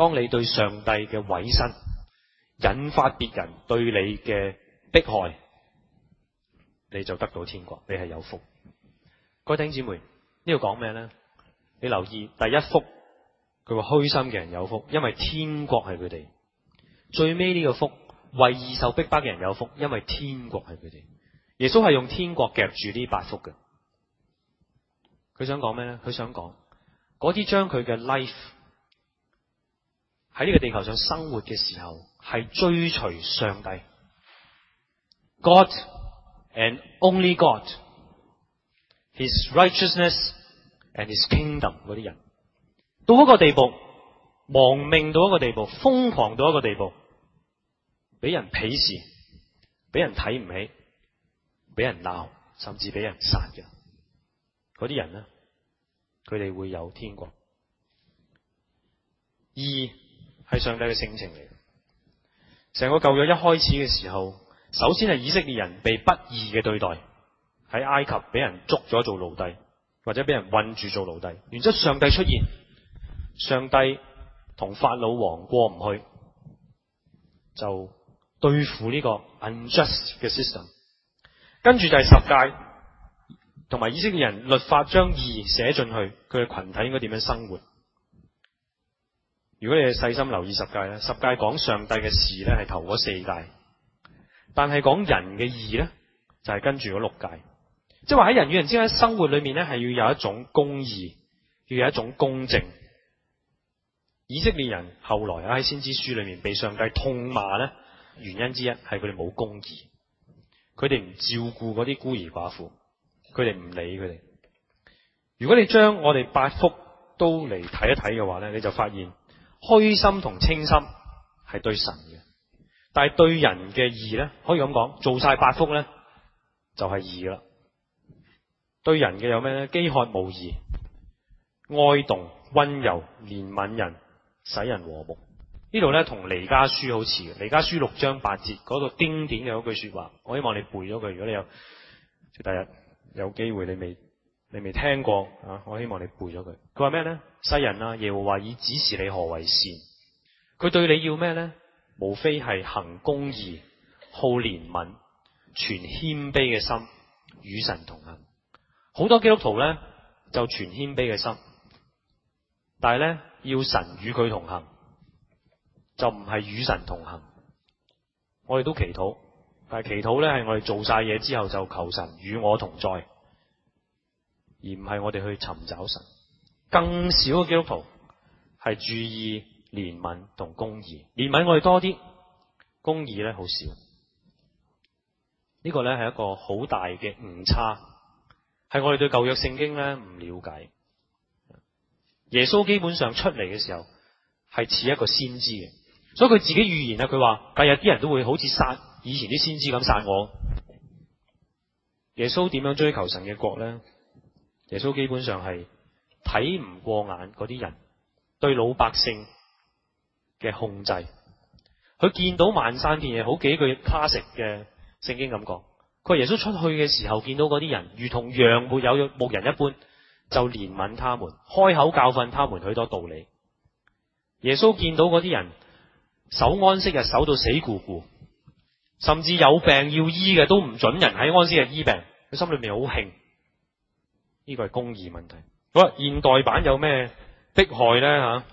當你對上帝嘅委身，引發別人對你嘅迫害，你就得到天國，你係有福。各位弟兄姊妹，呢度講咩呢？你留意第一福，佢話虛心嘅人有福，因為天國係佢哋。最尾呢個福，為義受逼迫嘅人有福，因為天國係佢哋。耶穌係用天國夾住呢八福嘅。佢想講咩呢？佢想講嗰啲將佢嘅 life。喺呢個地球上生活嘅時候，係追隨上帝、God and only God、His righteousness and His kingdom 嗰啲人，到一個地步亡命到一個地步，瘋狂到一個地步，俾人鄙視、俾人睇唔起、俾人鬧，甚至俾人殺嘅嗰啲人咧，佢哋會有天國。二係上帝嘅性情嚟。成個舊約一開始嘅時候，首先係以色列人被不義嘅對待，喺埃及俾人捉咗做奴隸，或者俾人困住做奴隸。然之後上帝出現，上帝同法老王過唔去，就對付呢個 unjust 嘅 system。跟住就係十誡，同埋以色列人律法將義寫進去，佢嘅群體應該點樣生活？如果你哋細心留意十誡咧，十誡講上帝嘅事咧係頭嗰四誡，但係講人嘅義咧就係、是、跟住嗰六誡，即係話喺人與人之間生活裏面咧係要有一種公義，要有一種公正。以色列人後來喺先知書裏面被上帝痛罵咧，原因之一係佢哋冇公義，佢哋唔照顧嗰啲孤兒寡婦，佢哋唔理佢哋。如果你將我哋八福都嚟睇一睇嘅話咧，你就發現。虛心同清心係對神嘅，但係對人嘅義咧，可以咁講，做晒八福咧就係、是、義啦。對人嘅有咩咧？饑渴無義，愛動溫柔憐憫人，使人和睦。呢度咧同彌迦書好似嘅，彌迦書六章八節嗰、那個經典嘅嗰句說話，我希望你背咗佢。如果你有第日有機會，你未。」你未聽過啊？我希望你背咗佢。佢話咩呢？世人啊，耶和華已指示你何為善。佢對你要咩呢？無非係行公義、好憐憫、存謙卑嘅心，與神同行。好多基督徒呢，就存謙卑嘅心，但係呢，要神與佢同行，就唔係與神同行。我哋都祈禱，但係祈禱呢，係我哋做晒嘢之後就求神與我同在。而唔係我哋去尋找神，更少嘅基督徒係注意憐憫同公義，憐憫我哋多啲，公義咧好少。呢個咧係一個好大嘅誤差，係我哋對舊約聖經咧唔了解。耶穌基本上出嚟嘅時候係似一個先知嘅，所以佢自己預言啊，佢話第日啲人都會好似殺以前啲先知咁殺我。耶穌點樣追求神嘅國咧？耶穌基本上係睇唔過眼嗰啲人對老百姓嘅控制，佢見到萬山遍野好幾句卡 l 嘅聖經感覺。佢話，耶穌出去嘅時候見到嗰啲人，如同羊沒有牧人一般，就憐憫他們，開口教訓他們許多道理。耶穌見到嗰啲人守安息日守到死固固，甚至有病要醫嘅都唔准人喺安息日醫病，佢心裏面好興。呢個係公義問題。好，現代版有咩迫害呢？吓、啊？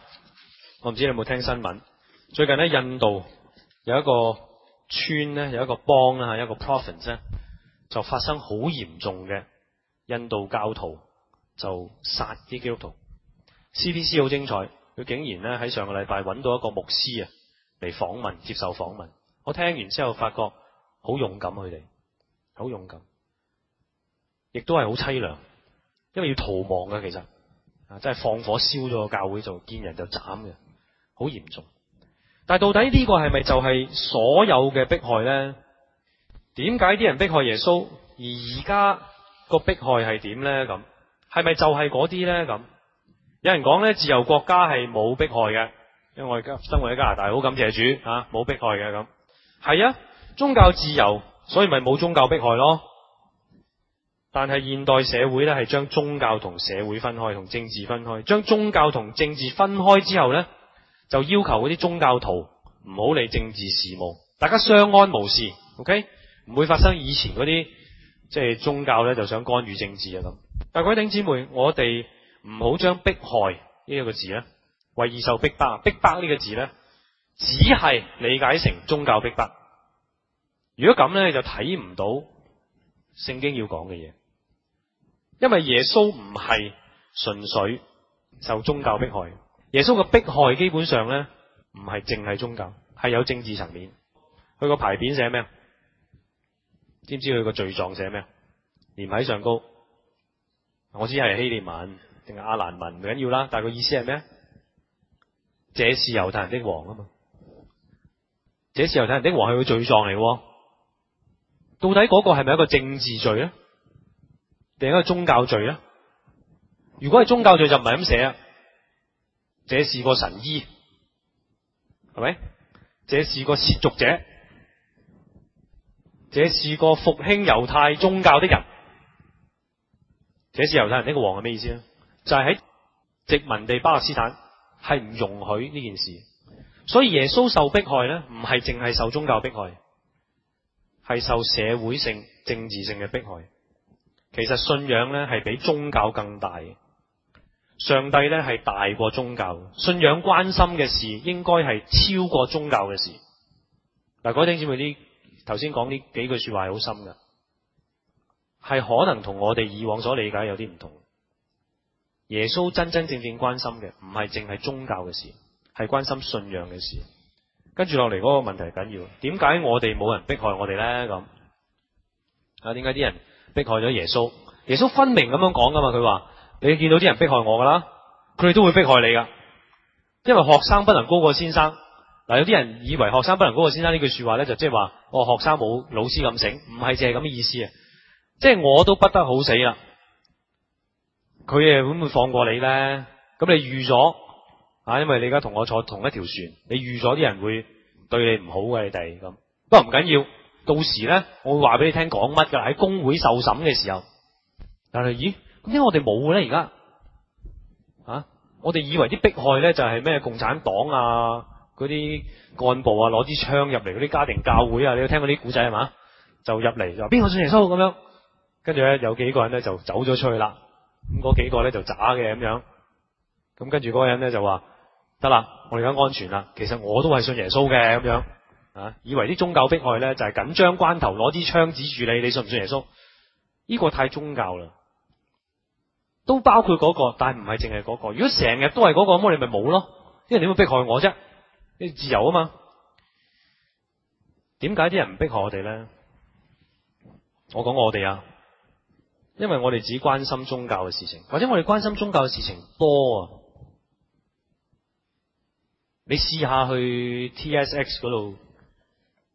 我唔知你有冇聽新聞？最近咧，印度有一個村咧，有一個邦啦、啊、一個 province 咧，就發生好嚴重嘅印度教徒就殺啲基督徒。C B C 好精彩，佢竟然咧喺上個禮拜揾到一個牧師啊嚟訪問，接受訪問。我聽完之後發覺好勇，勇敢，佢哋好勇敢，亦都係好淒涼。因為要逃亡嘅，其實啊，真係放火燒咗個教會，就見人就斬嘅，好嚴重。但係到底呢個係咪就係所有嘅迫害呢？點解啲人迫害耶穌？而而家個迫害係點呢？咁係咪就係嗰啲呢？咁有人講呢，自由國家係冇迫害嘅，因為我而家生活喺加拿大，好感謝主啊，冇迫害嘅咁。係啊，宗教自由，所以咪冇宗教迫害咯。但係現代社會咧，係將宗教同社會分開，同政治分開。將宗教同政治分開之後咧，就要求啲宗教徒唔好理政治事務，大家相安無事，OK？唔會發生以前啲即係宗教咧就想干預政治啊咁。但係，各位弟兄姊妹，我哋唔好將迫害呢一個字咧，為異受逼迫，逼迫呢個字咧，只係理解成宗教逼迫。如果咁咧，就睇唔到聖經要講嘅嘢。因為耶穌唔係純粹受宗教迫害，耶穌嘅迫害基本上咧唔係淨係宗教，係有政治層面。佢個牌匾寫咩？知唔知佢個罪狀寫咩？連喺上高，我知係希臘文定係阿蘭文唔緊要啦，但係個意思係咩？這是猶太人的王啊嘛，這是猶太人的王係個罪狀嚟，到底嗰個係咪一個政治罪咧？定一個宗教罪啦。如果係宗教罪，就唔係咁寫啊。這是個神醫，係咪？這是個褻瀆者，這是個復興猶太宗教的人。這是猶太人呢個王係咩意思啊？就係、是、喺殖民地巴勒斯坦係唔容許呢件事，所以耶穌受迫害咧，唔係淨係受宗教迫害，係受社會性、政治性嘅迫害。其實信仰咧係比宗教更大，上帝咧係大過宗教，信仰關心嘅事應該係超過宗教嘅事。嗱、那個，嗰位姊妹啲頭先講呢幾句說話係好深嘅，係可能同我哋以往所理解有啲唔同。耶穌真真正正關心嘅唔係淨係宗教嘅事，係關心信仰嘅事。跟住落嚟嗰個問題係緊要，點解我哋冇人迫害我哋咧？咁啊？點解啲人？迫害咗耶穌，耶穌分明咁樣講噶嘛？佢話你見到啲人迫害我噶啦，佢哋都會迫害你噶，因為學生不能高過先生。嗱、啊，有啲人以為學生不能高過先生呢句說話咧，就即係話，哦，學生冇老師咁醒，唔係淨係咁嘅意思啊！即係我都不得好死啦，佢哋會唔會放過你咧？咁你預咗啊？因為你而家同我坐同一條船，你預咗啲人會對你唔好噶，你哋咁，不過唔緊要。到時咧，我會話俾你聽講乜噶啦？喺公會受審嘅時候，但係咦？點解我哋冇嘅咧？而家啊，我哋以為啲迫害咧就係咩共產黨啊、嗰啲幹部啊攞支槍入嚟嗰啲家庭教會啊，你有聽過啲古仔係嘛？就入嚟就話邊個信耶穌咁樣，跟住咧有幾個人咧就走咗出去啦。咁嗰幾個咧就渣嘅咁樣，咁跟住嗰個人咧就話：得啦，我哋而家安全啦。其實我都係信耶穌嘅咁樣。啊！以為啲宗教迫害咧就係緊張關頭攞支槍指住你，你信唔信耶穌？呢個太宗教啦，都包括嗰個，但係唔係淨係嗰個。如果成日都係嗰個，咁你咪冇咯，因為點會迫害我啫？你自由啊嘛？點解啲人唔迫害我哋咧？我講我哋啊，因為我哋只關心宗教嘅事情，或者我哋關心宗教嘅事情多啊。你試下去 T S X 度。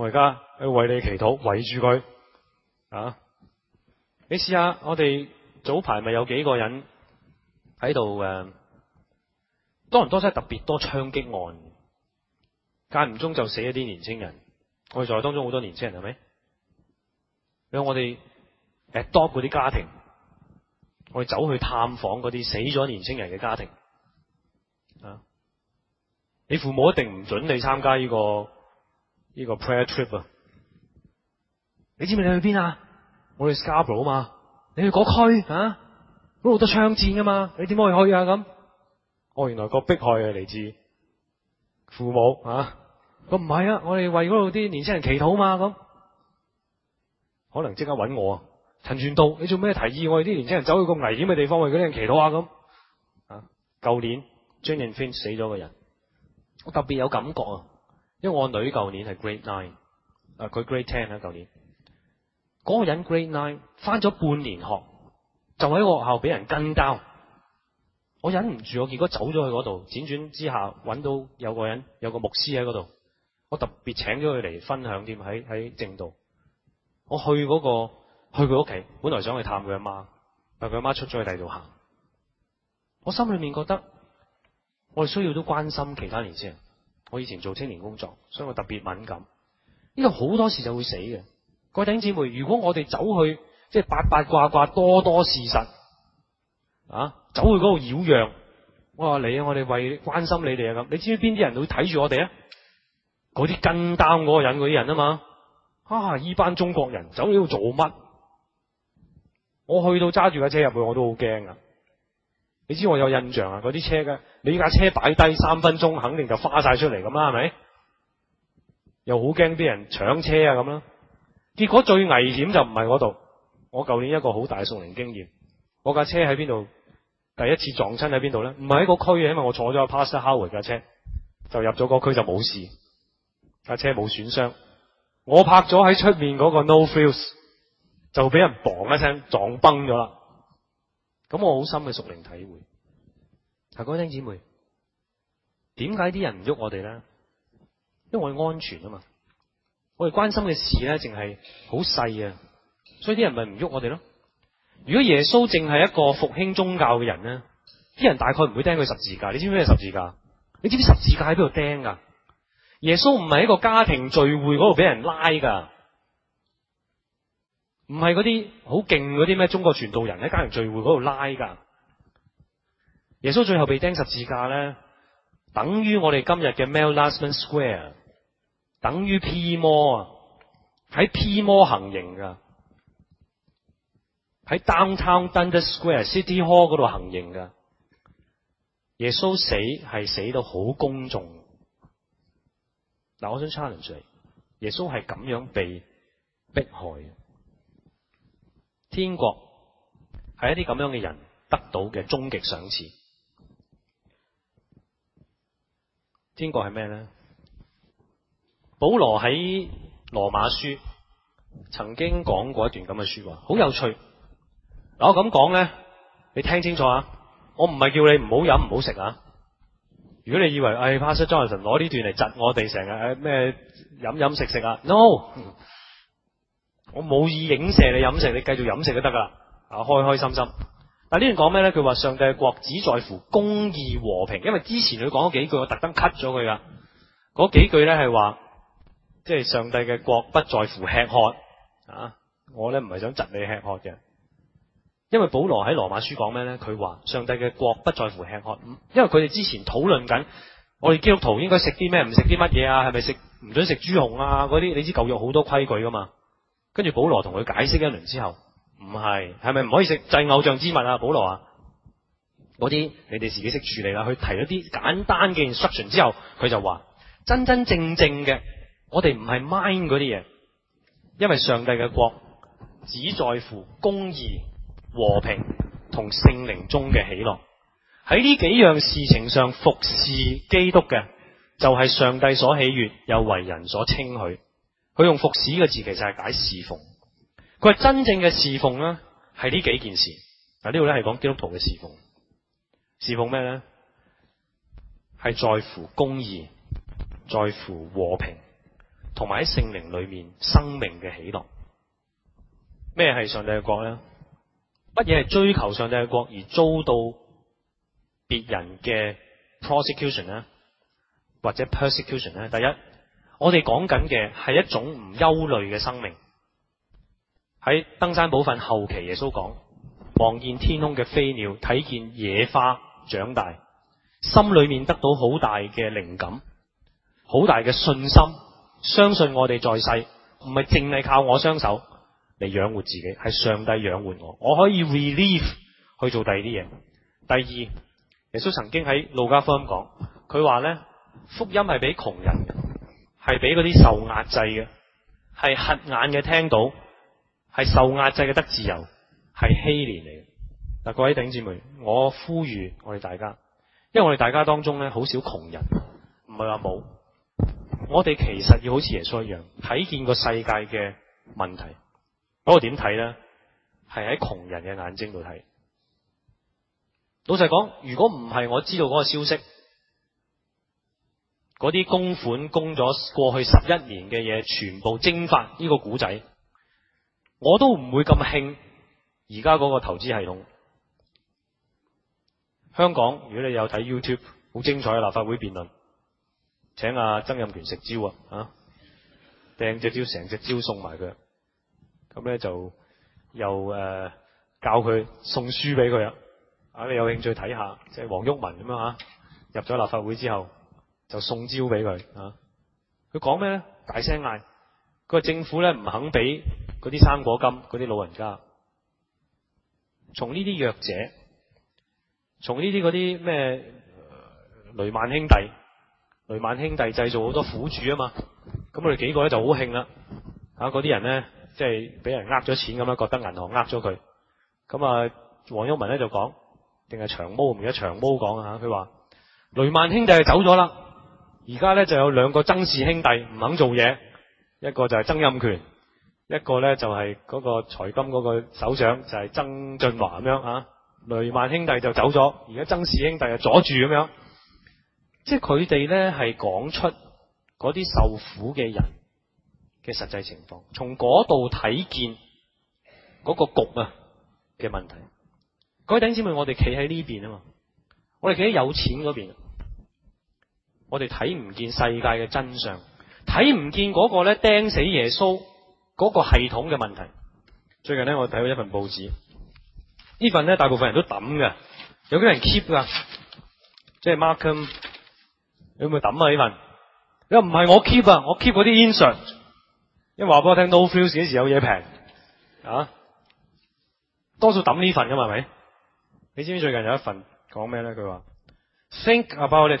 我而家去為你祈禱，圍住佢啊！你試下，我哋早排咪有幾個人喺度誒？多倫多？真係特別多槍擊案，間唔中就死一啲年青人。我哋在當中好多年青人係咪？所以我哋誒多嗰啲家庭，我哋走去探訪啲死咗年青人嘅家庭啊！你父母一定唔准你參加呢個。呢個 prayer trip 啊，你知唔知你去邊啊？我去 Scarborough 啊嘛，你去嗰區啊？嗰度好多槍戰噶嘛你點可以去啊？咁，哦，原來個迫害啊嚟自父母啊？我唔係啊，我哋為嗰度啲年青人祈禱啊嘛咁，可能即刻搵我啊，陳全道，你做咩提議我哋啲年青人走去咁危險嘅地方為嗰啲人祈禱啊？咁，啊，舊年 Jane and Finch 死咗個人，我特別有感覺啊。因為我女舊年係 Grade Nine，啊佢 Grade Ten 啦舊年，嗰、那個人 Grade Nine 翻咗半年學，就喺個學校俾人跟交。我忍唔住我結果走咗去嗰度，輾轉之下揾到有個人有個牧師喺嗰度，我特別請咗佢嚟分享添喺喺正度，我去嗰、那個去佢屋企，本來想去探佢阿媽，但佢阿媽出咗去第度行，我心裏面覺得我哋需要都關心其他年先。我以前做青年工作，所以我特別敏感。呢個好多時就會死嘅。各位弟兄姊妹，如果我哋走去即係八八卦卦、多多事實啊，走去嗰度擾攘，我話你、啊，我哋為關心你哋啊咁。你知唔知邊啲人會睇住我哋啊？嗰啲跟單嗰個人嗰啲人啊嘛。哈、啊、哈，依班中國人走呢度做乜？我去到揸住架車入去，我都好驚啊！你知我有印象啊？嗰啲車嘅，你架車擺低三分鐘，肯定就花晒出嚟咁啦，係咪？又好驚啲人搶車啊咁啦。結果最危險就唔係嗰度。我舊年一個好大嘅送靈經驗，我架車喺邊度？第一次撞親喺邊度咧？唔係喺個區嘅，因為我坐咗個 Pastor Howard 嘅車，就入咗個區就冇事，架車冇損傷。我拍咗喺出面嗰個 no feels，就俾人嘣一聲撞崩咗啦。咁我好深嘅熟靈體會，係各位弟兄姊妹，點解啲人唔喐我哋咧？因為我哋安全啊嘛，我哋關心嘅事咧，淨係好細啊，所以啲人咪唔喐我哋咯。如果耶穌淨係一個復興宗教嘅人咧，啲人大概唔會釘佢十字架。你知唔知咩十字架？你知唔知十字架喺邊度釘噶？耶穌唔係喺個家庭聚會嗰度俾人拉噶。唔係啲好勁啲咩？中國傳道人喺家庭聚會度拉噶。耶穌最後被釘十字架咧，等於我哋今日嘅 Mel Lastman Square，等於 P 摩啊，喺 P 摩行刑噶，喺 Downtown Dundas Square City Hall 度行刑噶。耶穌死係死到好公眾。嗱，我想 challenge 你，耶穌係咁樣被迫害嘅。天國係一啲咁樣嘅人得到嘅終極賞賜。天國係咩咧？保羅喺羅馬書曾經講過一段咁嘅說話，好有趣。嗱，我咁講咧，你聽清楚啊！我唔係叫你唔好飲唔好食啊！如果你以為唉，哎，Pastor Jonathan 攞呢段嚟窒我哋成日誒咩飲飲食食啊，no！我冇意影射你飲食，你繼續飲食都得噶啦，啊開開心心。但呢段講咩呢？佢話上帝嘅國只在乎公義和平。因為之前佢講咗幾句，我特登 cut 咗佢噶。嗰幾句呢係話，即係上帝嘅國不在乎吃喝啊！我呢唔係想窒你吃喝嘅，因為保羅喺羅馬書講咩呢？佢話上帝嘅國不在乎吃喝，因為佢哋之前討論緊，我哋基督徒應該食啲咩？唔食啲乜嘢啊？係咪食唔准食豬紅啊？嗰啲你知舊約好多規矩噶嘛？跟住保羅同佢解釋一輪之後，唔係，係咪唔可以食祭偶像之物啊？保羅啊，嗰啲你哋自己識處理啦。佢提咗啲簡單嘅 instruction 之後，佢就話：真真正正嘅，我哋唔係 mind 嗰啲嘢，因為上帝嘅國只在乎公義、和平同聖靈中嘅喜樂。喺呢幾樣事情上服侍基督嘅，就係上帝所喜悅，又為人所稱許。佢用服侍呢個字，其實係解侍奉。佢話真正嘅侍奉咧，係呢幾件事。嗱、啊，呢度咧係講基督徒嘅侍奉。侍奉咩咧？係在乎公義，在乎和平，同埋喺聖靈裏面生命嘅喜樂。咩係上帝嘅國咧？乜嘢係追求上帝嘅國而遭到別人嘅 prosecution 咧，或者 persecution 咧？第一。我哋講緊嘅係一種唔憂慮嘅生命。喺登山寶訓後期，耶穌講望見天空嘅飛鳥，睇見野花長大，心裏面得到好大嘅靈感，好大嘅信心，相信我哋在世唔係淨係靠我雙手嚟養活自己，係上帝養活我。我可以 relieve 去做第二啲嘢。第二，耶穌曾經喺路加福音講，佢話呢，福音係俾窮人。係俾嗰啲受壓制嘅，係瞎眼嘅聽到，係受壓制嘅得自由，係禧年嚟嘅。嗱，各位弟兄姊妹，我呼籲我哋大家，因為我哋大家當中咧，好少窮人，唔係話冇，我哋其實要好似耶穌一樣，睇見個世界嘅問題，嗰個點睇咧？係喺窮人嘅眼睛度睇。老實講，如果唔係我知道嗰個消息。嗰啲供款供咗過去十一年嘅嘢，全部蒸發呢個古仔，我都唔會咁興。而家嗰個投資系統，香港如果你有睇 YouTube，好精彩嘅立法會辯論，請阿、啊、曾蔭權食蕉啊，吓掟隻蕉，成隻蕉送埋佢。咁、啊、咧就又誒、uh, 教佢送書俾佢啊。啊，你有興趣睇下，即係黃毓民咁樣吓、啊、入咗立法會之後。就送招俾佢啊！佢講咩咧？大聲嗌，佢話政府咧唔肯俾嗰啲生果金，嗰啲老人家從呢啲弱者，從呢啲嗰啲咩雷曼兄弟，雷曼兄弟製造好多苦主嘛啊！嘛咁，我哋幾個咧就好興啦啊！嗰啲人咧即係俾人呃咗錢咁樣，覺得銀行呃咗佢咁啊。黃毓民咧就講，定係長毛，唔記得長毛講啊？佢話雷曼兄弟就走咗啦。而家咧就有兩個曾氏兄弟唔肯做嘢，一個就係曾蔭權，一個咧就係、是、嗰個財金嗰個首長就係曾俊華咁樣啊。雷曼兄弟就走咗，而家曾氏兄弟就阻住咁樣，即係佢哋咧係講出嗰啲受苦嘅人嘅實際情況，從嗰度睇見嗰個局啊嘅問題。各位弟兄姊妹，我哋企喺呢邊啊嘛，我哋企喺有錢嗰邊。我哋睇唔見世界嘅真相，睇唔見嗰個咧釘死耶穌嗰個系統嘅問題。最近咧，我睇過一份報紙，份呢份咧大部分人都抌嘅，有幾人 keep 噶，即係 Markham。有冇抌啊呢份？又唔係我 keep 啊，我 keep 嗰啲 insert。因為話俾我聽，no feels 幾時候有嘢平啊？多數抌呢份噶嘛，係咪？你知唔知最近有一份講咩咧？佢話 think about it。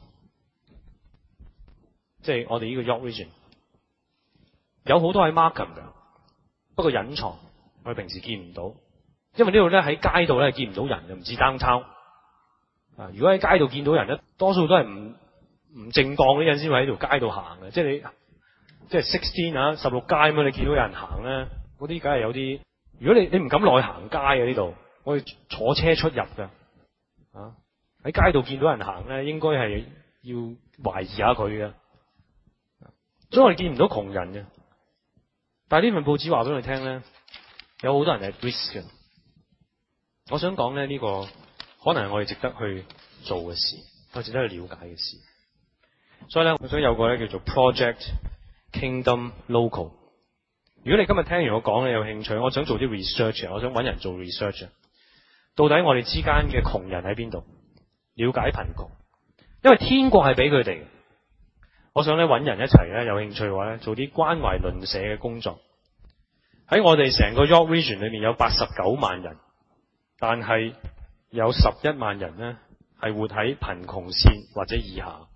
即係我哋呢個 York Region 有好多係 market，不過隱藏，我哋平時見唔到，因為呢度咧喺街度咧見唔到人嘅，唔止 downtown。啊，如果喺街度見到人咧，多數都係唔唔正當嗰啲人先會喺條街度行嘅，即係你即係 sixteen 啊十六街咁樣，你見到有人行咧，啲梗係有啲。如果你你唔敢落去行街嘅呢度，我哋坐車出入嘅，啊喺街度見到人行咧，應該係要懷疑下佢嘅。所以我哋見唔到窮人嘅，但係呢份報紙話俾我哋聽咧，有好多人係 risk 嘅。我想講咧，呢個可能係我哋值得去做嘅事，我哋值得去了解嘅事。所以咧，我想有個咧叫做 Project Kingdom Local。如果你今日聽完我講，你有興趣，我想做啲 research 啊，我想揾人做 research 啊。到底我哋之間嘅窮人喺邊度？了解貧窮，因為天國係俾佢哋。我想咧揾人一齊咧，有興趣嘅話咧，做啲關懷鄰舍嘅工作。喺我哋成個 York Region 裏面有八十九萬人，但係有十一萬人咧係活喺貧窮綫或者以下。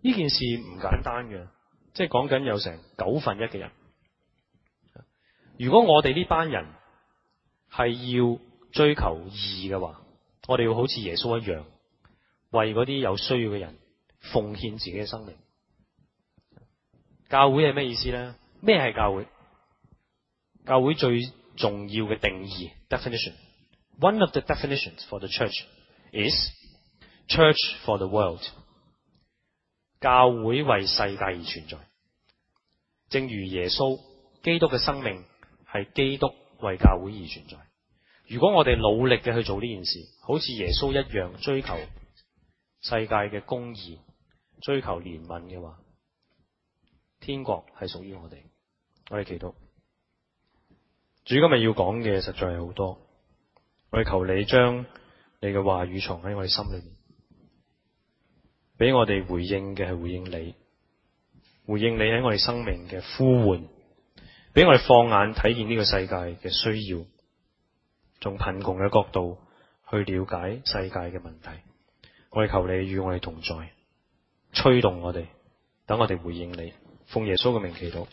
呢件事唔簡單嘅，即係講緊有成九分一嘅人。如果我哋呢班人係要追求義嘅話，我哋要好似耶穌一樣，為嗰啲有需要嘅人奉獻自己嘅生命。教會係咩意思呢？咩係教會？教會最重要嘅定義 （definition），One of the definitions for the church is church for the world。教會為世界而存在，正如耶穌基督嘅生命係基督為教會而存在。如果我哋努力嘅去做呢件事，好似耶穌一樣追求世界嘅公義、追求憐憫嘅話，天國係屬於我哋。我哋祈禱。主今日要講嘅實在係好多，我哋求你將你嘅話語藏喺我哋心裏面，俾我哋回應嘅係回應你，回應你喺我哋生命嘅呼喚，俾我哋放眼睇見呢個世界嘅需要，從貧窮嘅角度去了解世界嘅問題。我哋求你與我哋同在，吹動我哋，等我哋回應你。奉耶穌嘅名祈禱。